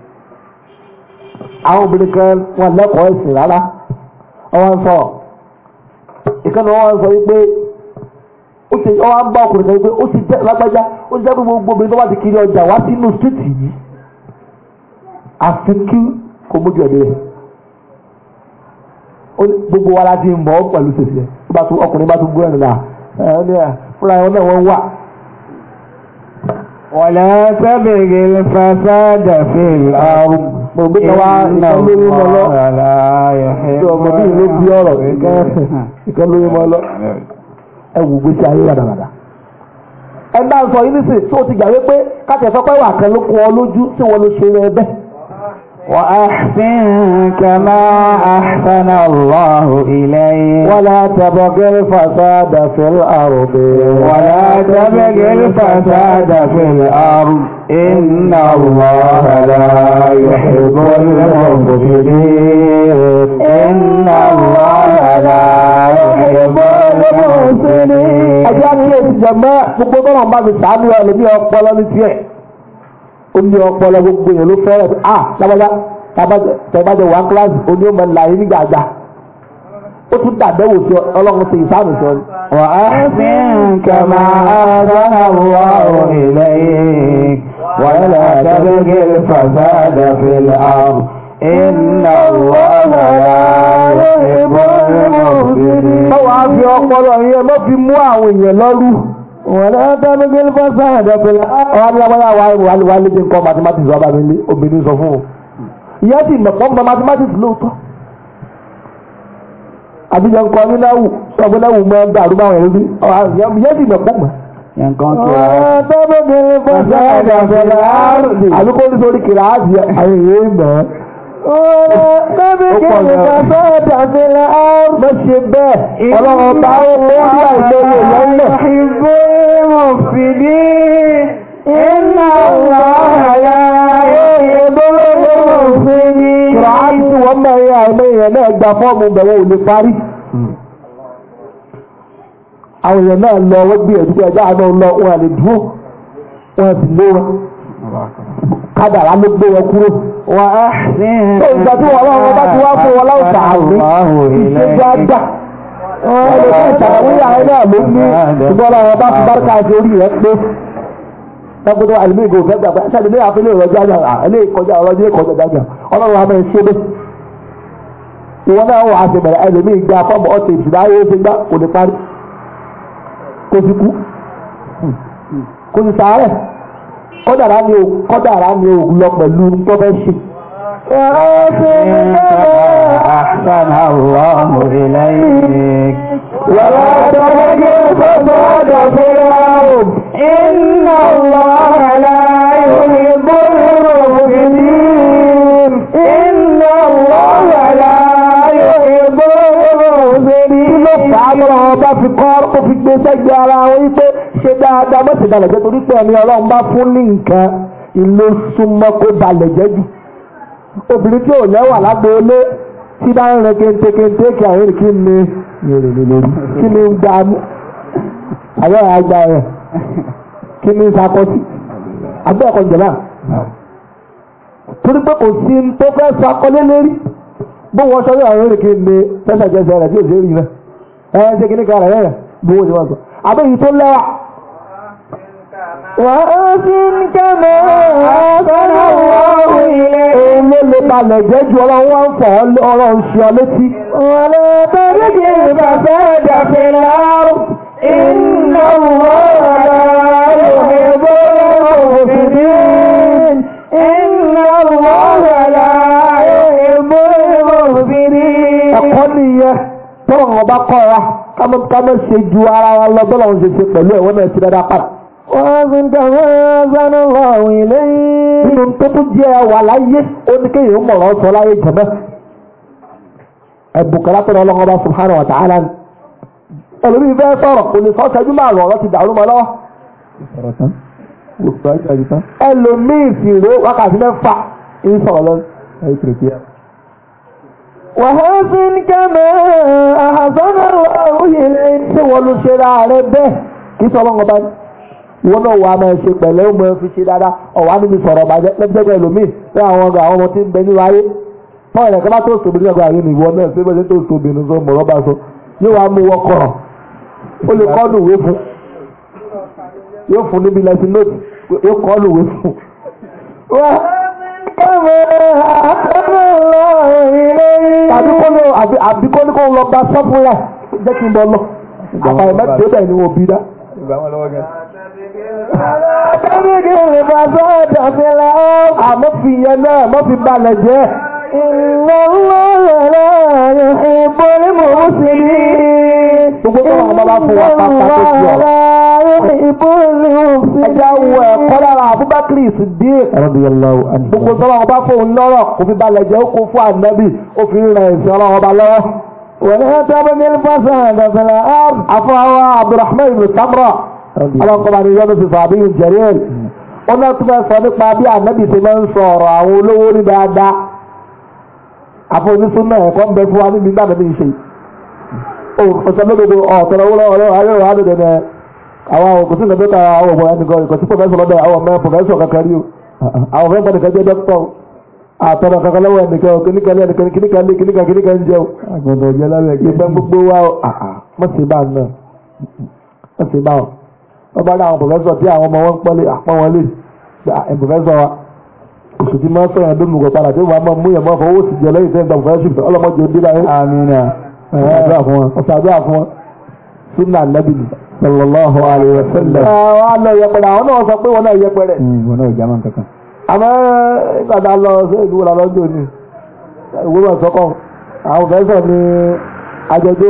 àwọn obìnrin kan wọn lẹ́kọ̀ọ́ ẹ̀sìn rárá wọ́n sọ ìkànnì wọn sọ wípé ó ṣe ọ wá ń bá ọkùnrin kan wípé ó ti jẹ́ lágbájá ó jẹ́ pé gbogbo obìnrin tó bá ti kiri ọjà wá sínú stíìtì yìí àfi kí kò mójú ẹ̀dẹ̀ gbogbo wa la ti mọ̀ ọ́ pẹ̀lú ṣèṣe ọkùnrin bá tún gbọ́ ẹ̀rìn náà ẹ̀rọ ní fúnra ẹ̀ náà wọ́n wà. wala tabghil fasada fil ard. gbogbo gbé kan lórí mọ lọ tí ọmọ bí bí lórí mọ lọ ẹ gbèsè ayé ràdàràdà ẹ bá ń sọ yín nísìnyí ti gbàgbé pé káàkiri fọ́pẹ́ wà kan ló kọ ọ lójú tí wọn ló ṣe rẹ وأحسن كما أحسن الله إليك ولا تبغ الفساد في الأرض ولا تبغ الفساد في الأرض إن الله لا يحب المفسدين إن الله لا يحب المفسدين أجل يا جماعة تقولون ما بتعملوا لبيع الطلبة ó ní ọpọlọ gbogbo èèyàn ló fẹ́ràn pé ah lábàjá tẹ̀bájọ wà kíláàsì ó ní ó mọ láyé ní gbàgbà ó tún dàbẹ̀wò sí ọlọ́run ti ìsáàmù sọ ni. wà á fi nǹkan máa sára wà ó ilé yìí wà á lọ sábẹ́gì fàṣádà fìlà àrùn. Iná wọ́lá ìbọn ìmọ̀ òfin. Báwo á fi ọpọlọ yẹn mọ́ fi mú àwọn èèyàn lọ́rú? wọ́n tẹ́lẹ̀ gẹ́lẹ́ fún sáyẹ̀dẹ̀ pẹ̀lú àwọn abúláwọ́lá wà lédè nǹkan mathematics wà bàbá mi obìnrin sọ fún un ìyá sì mọ̀pọ̀ ń bọ mathematics lóòótọ́ àbíjọ nǹkan níláwù sọgbọ́láwù mọ́ dàrú báwọn ẹ̀rú bí ìyá sì mọ̀pọ̀ mọ́. tẹ́lẹ̀ gẹ́lẹ́ fún sáyẹ̀dẹ̀ pẹ̀lú àlùkò ní sórí kìlá àti àwọn èèyàn mọ̀ Bébí kí ni bàbá ẹ̀dá mi lọ? Mo ṣe bẹ́ẹ̀. Ọlọ́run bá ó lórí àìlóye lọ́lẹ̀. المفسدين إن الله لا يحب gba fọ́ọ̀mù bẹ̀wọ̀ ò lè parí àwọn èèyàn náà lọ wọ́n gbé ẹ̀dá wọn lè dúró wọn lé wọn ló gbé wọn kúrò. á ìgbà tí bá ti wá fún wọn láwùjọ àwọn
Ìtàwíyà ẹ náà ló ní ṣùgbọ́n ọlọ́run bá fi bárúkà
sí orí rẹ̀ pé tọ́gbọ́dọ̀ àlùmí ìgò fẹ́ gbàgbà ṣáà lè àfẹ́lẹ́ ọ̀rọ̀ jájà àlẹ́ ìkọjá ọ̀rọ̀ ní ìkọjá jájà ọlọ́run wa máa ń ṣe bẹ́ẹ̀. ìwọ náà wà á ti bẹ̀rẹ̀ ẹlòmíì gba fọ́ọ̀mù ọ̀tẹ̀ ìjìlá ayé ti gbá kò ní parí kó ti kú kó ti sàárẹ̀ kọ́dàrá ni òògùn lọ pẹ̀lú tó fẹ́ ṣe. إن كما أحسن الله إليك ولا تبغي فساد في الأرض إن الله لا يحب المفسدين إن الله لا يحب المفسدين àwọn ọba fi kọ́ ó fi gbé sẹ́gbẹ̀ ara wọn wípé ṣe dáadáa mọ́sídàlẹ̀ jẹ́ torí pé ẹni ọlọ́run bá fún ní nǹkan ìlú súnmọ́ kó balẹ̀ jẹ́ jù obìnrin tí ò lẹ́wà lágbóolé tí bá ń rẹ kente kente kí àwọn kí ni kí ni ń gbà mú àbẹ́ àgbà rẹ̀ kí ni ń sakọ́sí àbẹ́ ẹ̀kọ́ ìjọba torí pé kò sí tó fẹ́ sọ bó lẹ̀jẹ́ ju ọlọ́run wá ń fọ̀ ọlọ́run ṣe ọ létí. ọ̀rọ̀ bẹ́ẹ̀ ni bàbá ẹ̀dà fi láàrú iná wọ́ọ̀rọ̀ òyìnbó òfìdín iná wọ́ọ̀rọ̀ òyìnbó òfìdín. ẹ̀kọ́ nìyẹn tọ́wọ́n ọba kọ́ wa ká má ṣe ju ara wa lọ bọ́lá òun ṣe ṣe pẹ̀lú ẹ̀wọ́n náà ti dáadáa padà lọ́sìn tẹ̀wé sanu lọ ilé. nínú tó tún jẹ́ wà láyé ó ní kéèyàn mọ̀rọ̀ sọ láyé jẹ̀mẹ́. ẹ̀bùn kan látọ̀dọ̀ ọlọ́run ọba subhanahu wa ta'ala ni. olórí ìfẹ́ sọ̀rọ̀ kò lè sọ ṣẹ́jú máa rọ̀ ọ̀rọ̀ ti dàrú mọ́ lọ́wọ́. ẹlòmíì sì rè wákàtí mẹ́fà ń sọ̀rọ̀ lọ. wàhálà kẹ́mẹ́ àhàzọ́nà ọ̀hún yìí ṣe wọ́n ṣe ra rẹ bẹ́ẹ̀ kì sọ ọlọ́run ọba wọn náà wà máa ṣe pẹ̀lẹ́ ó máa fi ṣe dáadáa ọ̀wá níbi sọ̀rọ̀ bàjẹ́ lẹ́gbẹ̀gbẹ̀ lómi pé àwọn ọgọ àwọn ọmọ tí ń bẹ nínú ayé fún ẹ̀rẹ̀ kọ́lá tó sòbí nígbà yìí nìwọ náà ṣé bẹ́ẹ̀ tó sòbí nù sọ mọ̀rọ̀ bá sọ yóò wá mú wọkọ̀rọ̀ ó lè kọ́ lùwé fún yóò fún níbi lẹ́sìn nóòtù yóò kọ́ lùwé fún. àbí kó ní kó lọ gba sọ́fúnlẹ̀ jẹ́ kí n bọ́ lọ àbàyàn mẹ́tẹ́ẹ̀bẹ̀ ni wọ́n bí dá. Kíríkì ìrìnbàṣọ́ ìdàfẹ́lẹ́ àmọ́ fi yẹn náà mọ́ fi balẹ̀ jẹ́. Inna Allaha la yuhibbul mufsidin. Gbogbo tó wà bá fún wa pàpà tó ti ọ̀rọ̀. Ẹja wo ẹ̀kọ́ lára Abubakar Siddiq. Gbogbo tó wà bá fún òun lọ́rọ̀ kò fi balẹ̀ jẹ́ ó kó fún ànábì ó fi ń rẹ̀ ẹ̀sìn ọlọ́run ọba lọ́wọ́. Wọ́n ní ẹ ọlọ́nkọ́ba ni yọ́nù fífa àbí jẹ̀rẹ́ẹ̀l ó náà tún fẹ́ sọ nípa bí ànábì ti máa ń sọ ọ̀rọ̀ àwọn olówó ní dáadáa àfọwọ́nisún náà ẹ̀kọ́ ń bẹ fún wa níbi nígbà mẹ́bí ṣe ọ̀sán lódodo ọ̀tọ̀rọ̀ wúlọ́ ọ̀rẹ́ ọ̀rẹ́ ọ̀rẹ́ àdòdò nẹ àwọn òkú sí ìdàgbẹ́ta àwọn ọmọ ẹnìkan ìkọ̀ sí pọ̀fẹ́sọ̀ lọ́dọ̀ àwọn ọmọ pọ̀fẹ́sọ̀ kankan rí o àwọn ọmọ ẹnìkan jẹ́ dókítà lọ́wọ́ ẹnìkan kíníkan lé ẹnìkan kíníkan lé kíníkan kíníkan lábẹ́ ìgbẹ́ gbogbo wa o bá náà mọ̀sí bá o wọ́n bá rí àwọn pòfẹ́sọ̀ tí àwọn ọmọ wọn ń pọ́lé àpọ́n wọn lè gba ẹ̀ pòfẹ́sọ̀ wa oṣù tí máa ń sọ̀rọ̀ ẹ̀dọ́ nùgọ̀ padà tí wọ́n máa mú yẹn máa fọwọ́ sí jẹ lẹ́yìn tẹ́ńtà pòfẹ́sọ̀ ọlọ́mọdé òdí láyé. àmín ọ̀sàdúrà fún wọn sunna nabi sallallahu alayhi wa sallam. wàá lọ yẹpẹrẹ àwọn náà sọ pé wọn náà yẹpẹrẹ. Hmm, wọn náà jẹ́ àwọn kankan. àmọ́ ìgbàdá lọ sí ìdúró lọ́jọ́ ni ìwúrọ̀ sọ́kọ̀ àwọn fẹ́sọ̀ ni ajẹ́jọ́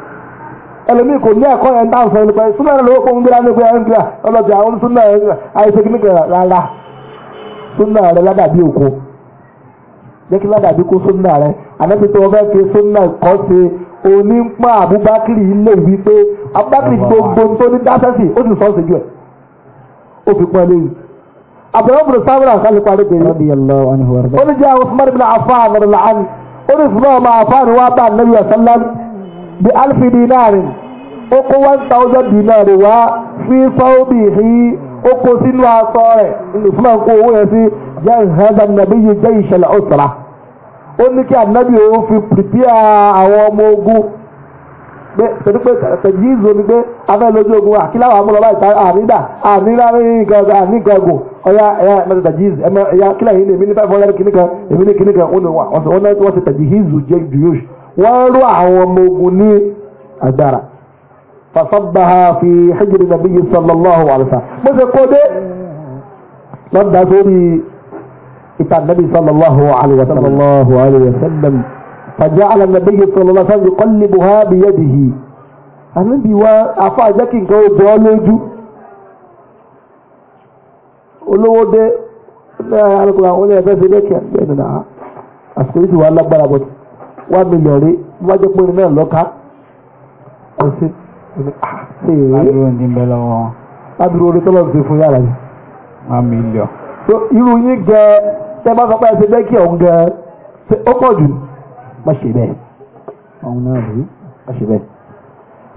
ẹlòmíì kò ní ẹ̀kọ́ yẹn dáhùn sọ̀rọ̀ nípa súnà lówó kó ń gbéra ní pé ẹ̀ńgbà ọlọ́dẹ àwọn súnà àìsèkì nìkan rárá súnà rẹ ládàbí òkú jẹ́ kí ládàbí kó súnà rẹ àmọ́tí tó fẹ́ fi súnà kọ́ ṣe onípa àbúbákìrì ilé yìí pé àbúbákìrì gbogbo tó ní dáṣẹ́sì ó sì sọ ọ́ síjú ẹ̀ ó fi pọ́n àbúrò bùrù sábúrà parí ó ní jẹ́ àwọn bí alifi narị ó one thousand dinari wá fi fáwọ́bì hí ó kó sínú aṣọ rẹ̀ ìfúnmọ̀ kó owó yẹn sí jẹ́ ìhẹ́dà nàbí yìí jẹ́ ìṣẹ̀lẹ̀ ọ̀sára ó ní kí fi pìpìà àwọn ọmọ ogun pé pẹ̀lú pé tẹ̀jú ìzòmi pé afẹ́ lójú wọ́n rú àwọn ọmọ ogun ní agbára fasọ́bàá fi hajjiri nàbí yìí sallallahu alaihi wasallam bó ṣe kó dé lọ́dà sórí ìtàn nàbí sallallahu alaihi wasallam fàjáàlà nàbí yìí sallallahu alaihi wasallam yuqallibu ha bi yadihi àníbi wa afọ àjẹkì nǹkan ó jọ lójú olówó dé yìí wá mílíọ̀n rí wájú pé irin náà lọ́ka kò sí ah, ṣe èrè. adúrò ní bẹ́ẹ̀ lọ́wọ́ wọn. orí tọ́lọ̀ ti fún yàrá yìí. one million. so irú yín gẹ tẹ bá sọ pé ẹ ti bẹ́ẹ̀ kí ọ̀hún gẹ ṣe ó pọ̀ jù má ṣe bẹ́ẹ̀ ọ̀hún náà rí má ṣe bẹ́ẹ̀.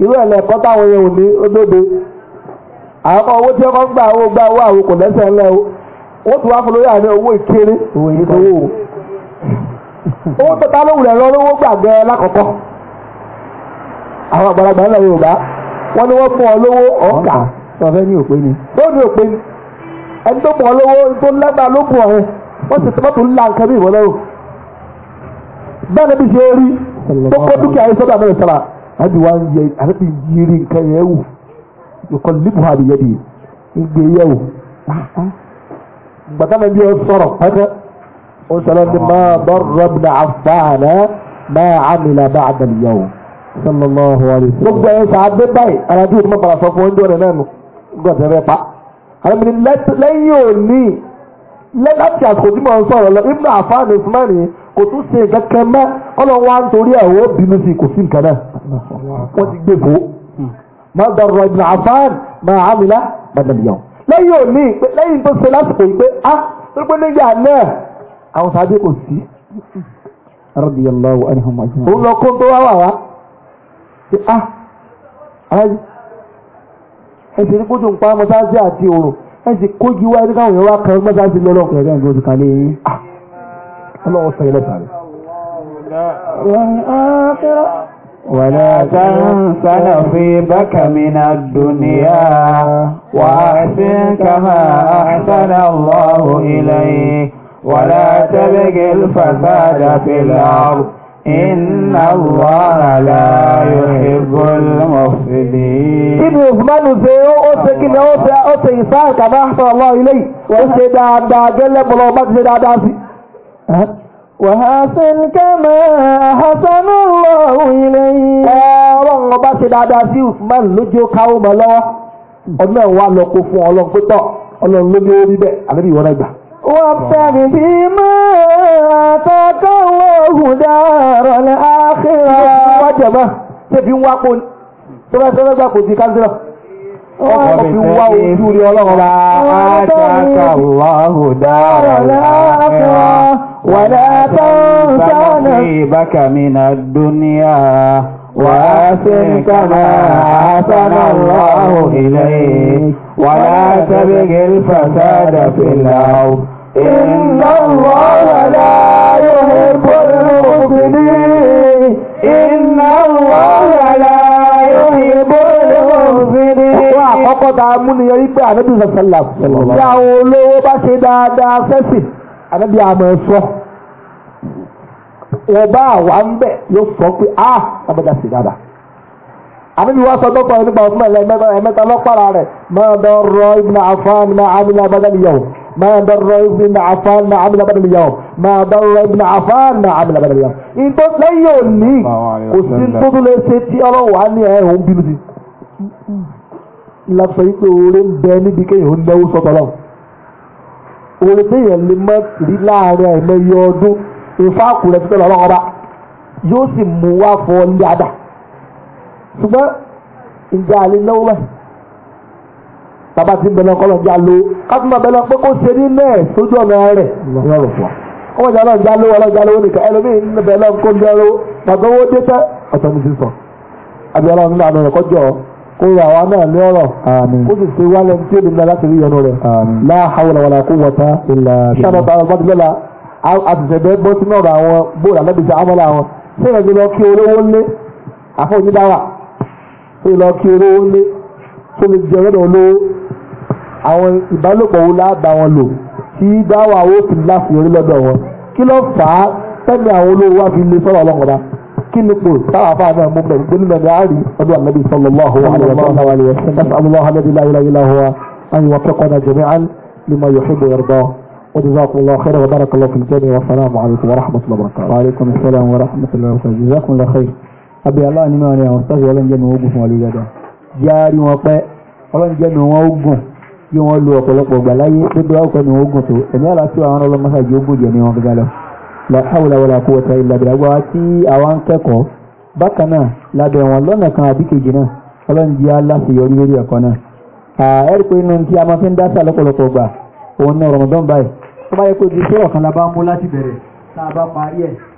irú ẹ̀ lẹ́ẹ̀kọ́ táwọn yẹn ò ní olóde àwọn owó tí ọkọ̀ gbà owó gbà owó àwọn lẹ́sẹ̀ ńlẹ̀ o wọ́n ti wá fún lórí àná owó ìkéré owó ìkéré owó tó ta ló wulẹ̀ lọ lówó gbàgbé lákọ̀ọ́kọ́ àwọn àgbàlagbà ńlá Yorùbá wọ́n ní wọ́n fún ọ lówó ọ̀ọ́kà sọfẹ́ ní òpin ni tó ní òpin ẹni tó mọ̀ lówó tó lágbà ló bù ọ̀rẹ́ wọ́n ti sọ́tò ńlá nǹkan bí bẹ́ẹ̀ ni bí ṣe rí tó kó dúkìá sọ́dọ̀ àbí yẹ àbí nǹkan yẹn wù yẹ ń gbé yẹ ah, ah. wù ó sọ̀rọ̀ ní máa bọ́rọ̀ ní àfáàná máa àmìlà bá àdàlìyàwó sallallahu alaihi wasallam. gbogbo ẹ̀ sàádé báyìí arábí ìdúmọ̀ bàrà sọ fún ọdún náà nù gbọ̀dẹ̀ rẹ̀ pa. arábìnrin lẹ́yìn òní láti àsìkò tí mo ń sọ̀rọ̀ lọ ibùdó àfáàní ìsúmẹ́rin kò tún ṣe nǹkan kan mọ́ ọlọ́run wá ń torí ẹ̀ ó bínú sí kò sí nǹkan àmìlà bá àdàlìyàwó. lẹ́yìn àwọn sábẹ́ kò sí radiyallahu anhum ajma'in. òun lọ kó tó wá wà wá ṣe á ah, ayé ẹsẹ̀ ní kótó ń pa mọ́sáàsì àti òrùn ẹsẹ̀ kójú wá ẹni káwọn èèyàn wá kan mọ́sáàsì ولا تنس نصيبك من الدنيا وأحسن كما أحسن الله إليه. ولا تبغ الفساد في الأرض إن الله لا يحب المفسدين ابن عثمان ṣe ó ṣe kí ni ó ṣe ó ṣe ìsáà kàmá àṣà ọlọ́ ilé ó ṣe dáadáa gẹ́lẹ́ bọ̀lọ́ ọba ti ṣe dáadáa sí. وحسن كما أحسن الله إليه. ọlọ́run ọba ṣe dáadáa sí Usman lójú káwọn ọmọ lọ́wọ́ ọdún náà wà lọ́kọ́ fún ọlọ́run pé tọ́ ọlọ́run ló ní orí bẹ́ẹ̀ àlẹ́ bí ìwọ́n náà gbà. وابتغ فيما آتاك الله دار الآخرة wájẹ̀mọ́ ṣe fi ń wá pọ́n tó bá sọ́dọ̀ gbà kò sí kánsílọ̀ ọkọ̀ fi ń wá ojú rí ọlọ́run bá آتاك الله دار الآخرة ولا تنس نصيبك من الدنيا وآسن كما أحسن الله إليك ولا تبغ الفساد في الأرض إن الله لا يحب المفسدين إن الله لا يحب المفسدين wọ́n àkọ́kọ́ ta múniyàn yí pé ànábì sọ̀sọ̀lá bí àwọn olówó bá ṣe dáadáa fẹ́sìn ànábì àmọ́ ẹ̀sọ́ wọ́n bá àwa ń bẹ̀ yóò sọ pé a lábẹ́dá sí dáadáa ànábì wá sọ dọ́kọ̀ nípa ọ̀sùn ẹ̀mẹ́ta lọ́pàá rẹ̀ mọ́ ما ضر ابن عفان ما عمل بدل اليوم ما ضر ابن عفان ما عمل بدل اليوم ان تو لي يوني kò sí tó tó lè ṣe tí ọlọ́run wà ní ẹ̀ òun bínú sí lọ́sọ̀ yìí pé oore ń bẹ níbi kéèyàn ó náwó sọ́tọ̀ lọ oore téèyàn lè mọ́ rí láàárín àìmọye ọdún ìfáàkù rẹ̀ títọ́ lọ́wọ́ ọba yóò sì mú wá fọ́ ilé àdá ṣùgbọ́n ìjà àlè náwó bẹ́ẹ̀ bàbá ti ń bẹ̀rẹ̀ ọkọ̀ lọ́jà lo kátùmọ̀ bẹ̀rẹ̀ pé kó ṣe ní náà sójú ọ̀nà rẹ̀ rọrùn fún wa. ọmọ ìjà lọ́jà ló wà lọ́jà nìkan ẹlòmíì ń bẹ̀rẹ̀ kó ń dẹ́rọ bàbá owó dé tẹ́ kọjọ kó ra àwa náà ní ọ̀rọ̀ kó sì ṣe tí èmi náà láti rí ìyọnu rẹ̀ àwọn ìbálòpọ̀ wo láàbà wọn lò tí dáwà ó fi láṣeyọrí lọ́dọ̀ wọn kí ló fà á sẹ́mi àwọn olówó wa fi lè sọ̀rọ̀ ọlọ́kọ̀dá kí ni kò táwa fà náà mú bẹ̀rù pé nínú ẹ̀dá rí ọdún àmẹ́bí sallallahu alaihi wa sallam أن يوفقنا جميعا لما يحب ويرضاه وجزاكم الله خيرا وبارك الله في الجنة والسلام عليكم ورحمة الله وبركاته وعليكم السلام ورحمة الله وبركاته جزاكم الله خير àbí aláàánú náà ni àwọn sáfì ọlọ́njẹ́ ni wọ́n gùn fún ọlọ́dẹ́dá járí wọn pẹ́ ọlọ́njẹ́ ni wọ́n gùn tí wọ́n lo ọ̀pọ̀lọpọ̀ gbà láyé tó dọ́ ọ̀pọ̀ ni wọ́n gùn tó ẹ̀mí àlàáfíà àwọn ọlọ́mọ sáàjì ó gbòjẹ̀ ní wọn gẹ́gẹ́ lọ làhàwùlà wàlà kó wọ́ta ilà bìràgbà wa tí àwa ń kẹ́kọ̀ọ́ bákan náà lábẹ́ wọn lọ́nà kan àbí kejì náà ọlọ́run jẹ́ aláṣeyọrí lórí ẹ̀kọ́ náà a máa fi ń dá sí àlọ́pọ̀lọpọ̀ gbà òun náà rọ̀mọdán báyìí tó bá yẹ kó di sọ́rọ̀ kan la bá mú láti bẹ̀rẹ̀ tá a bá parí ẹ̀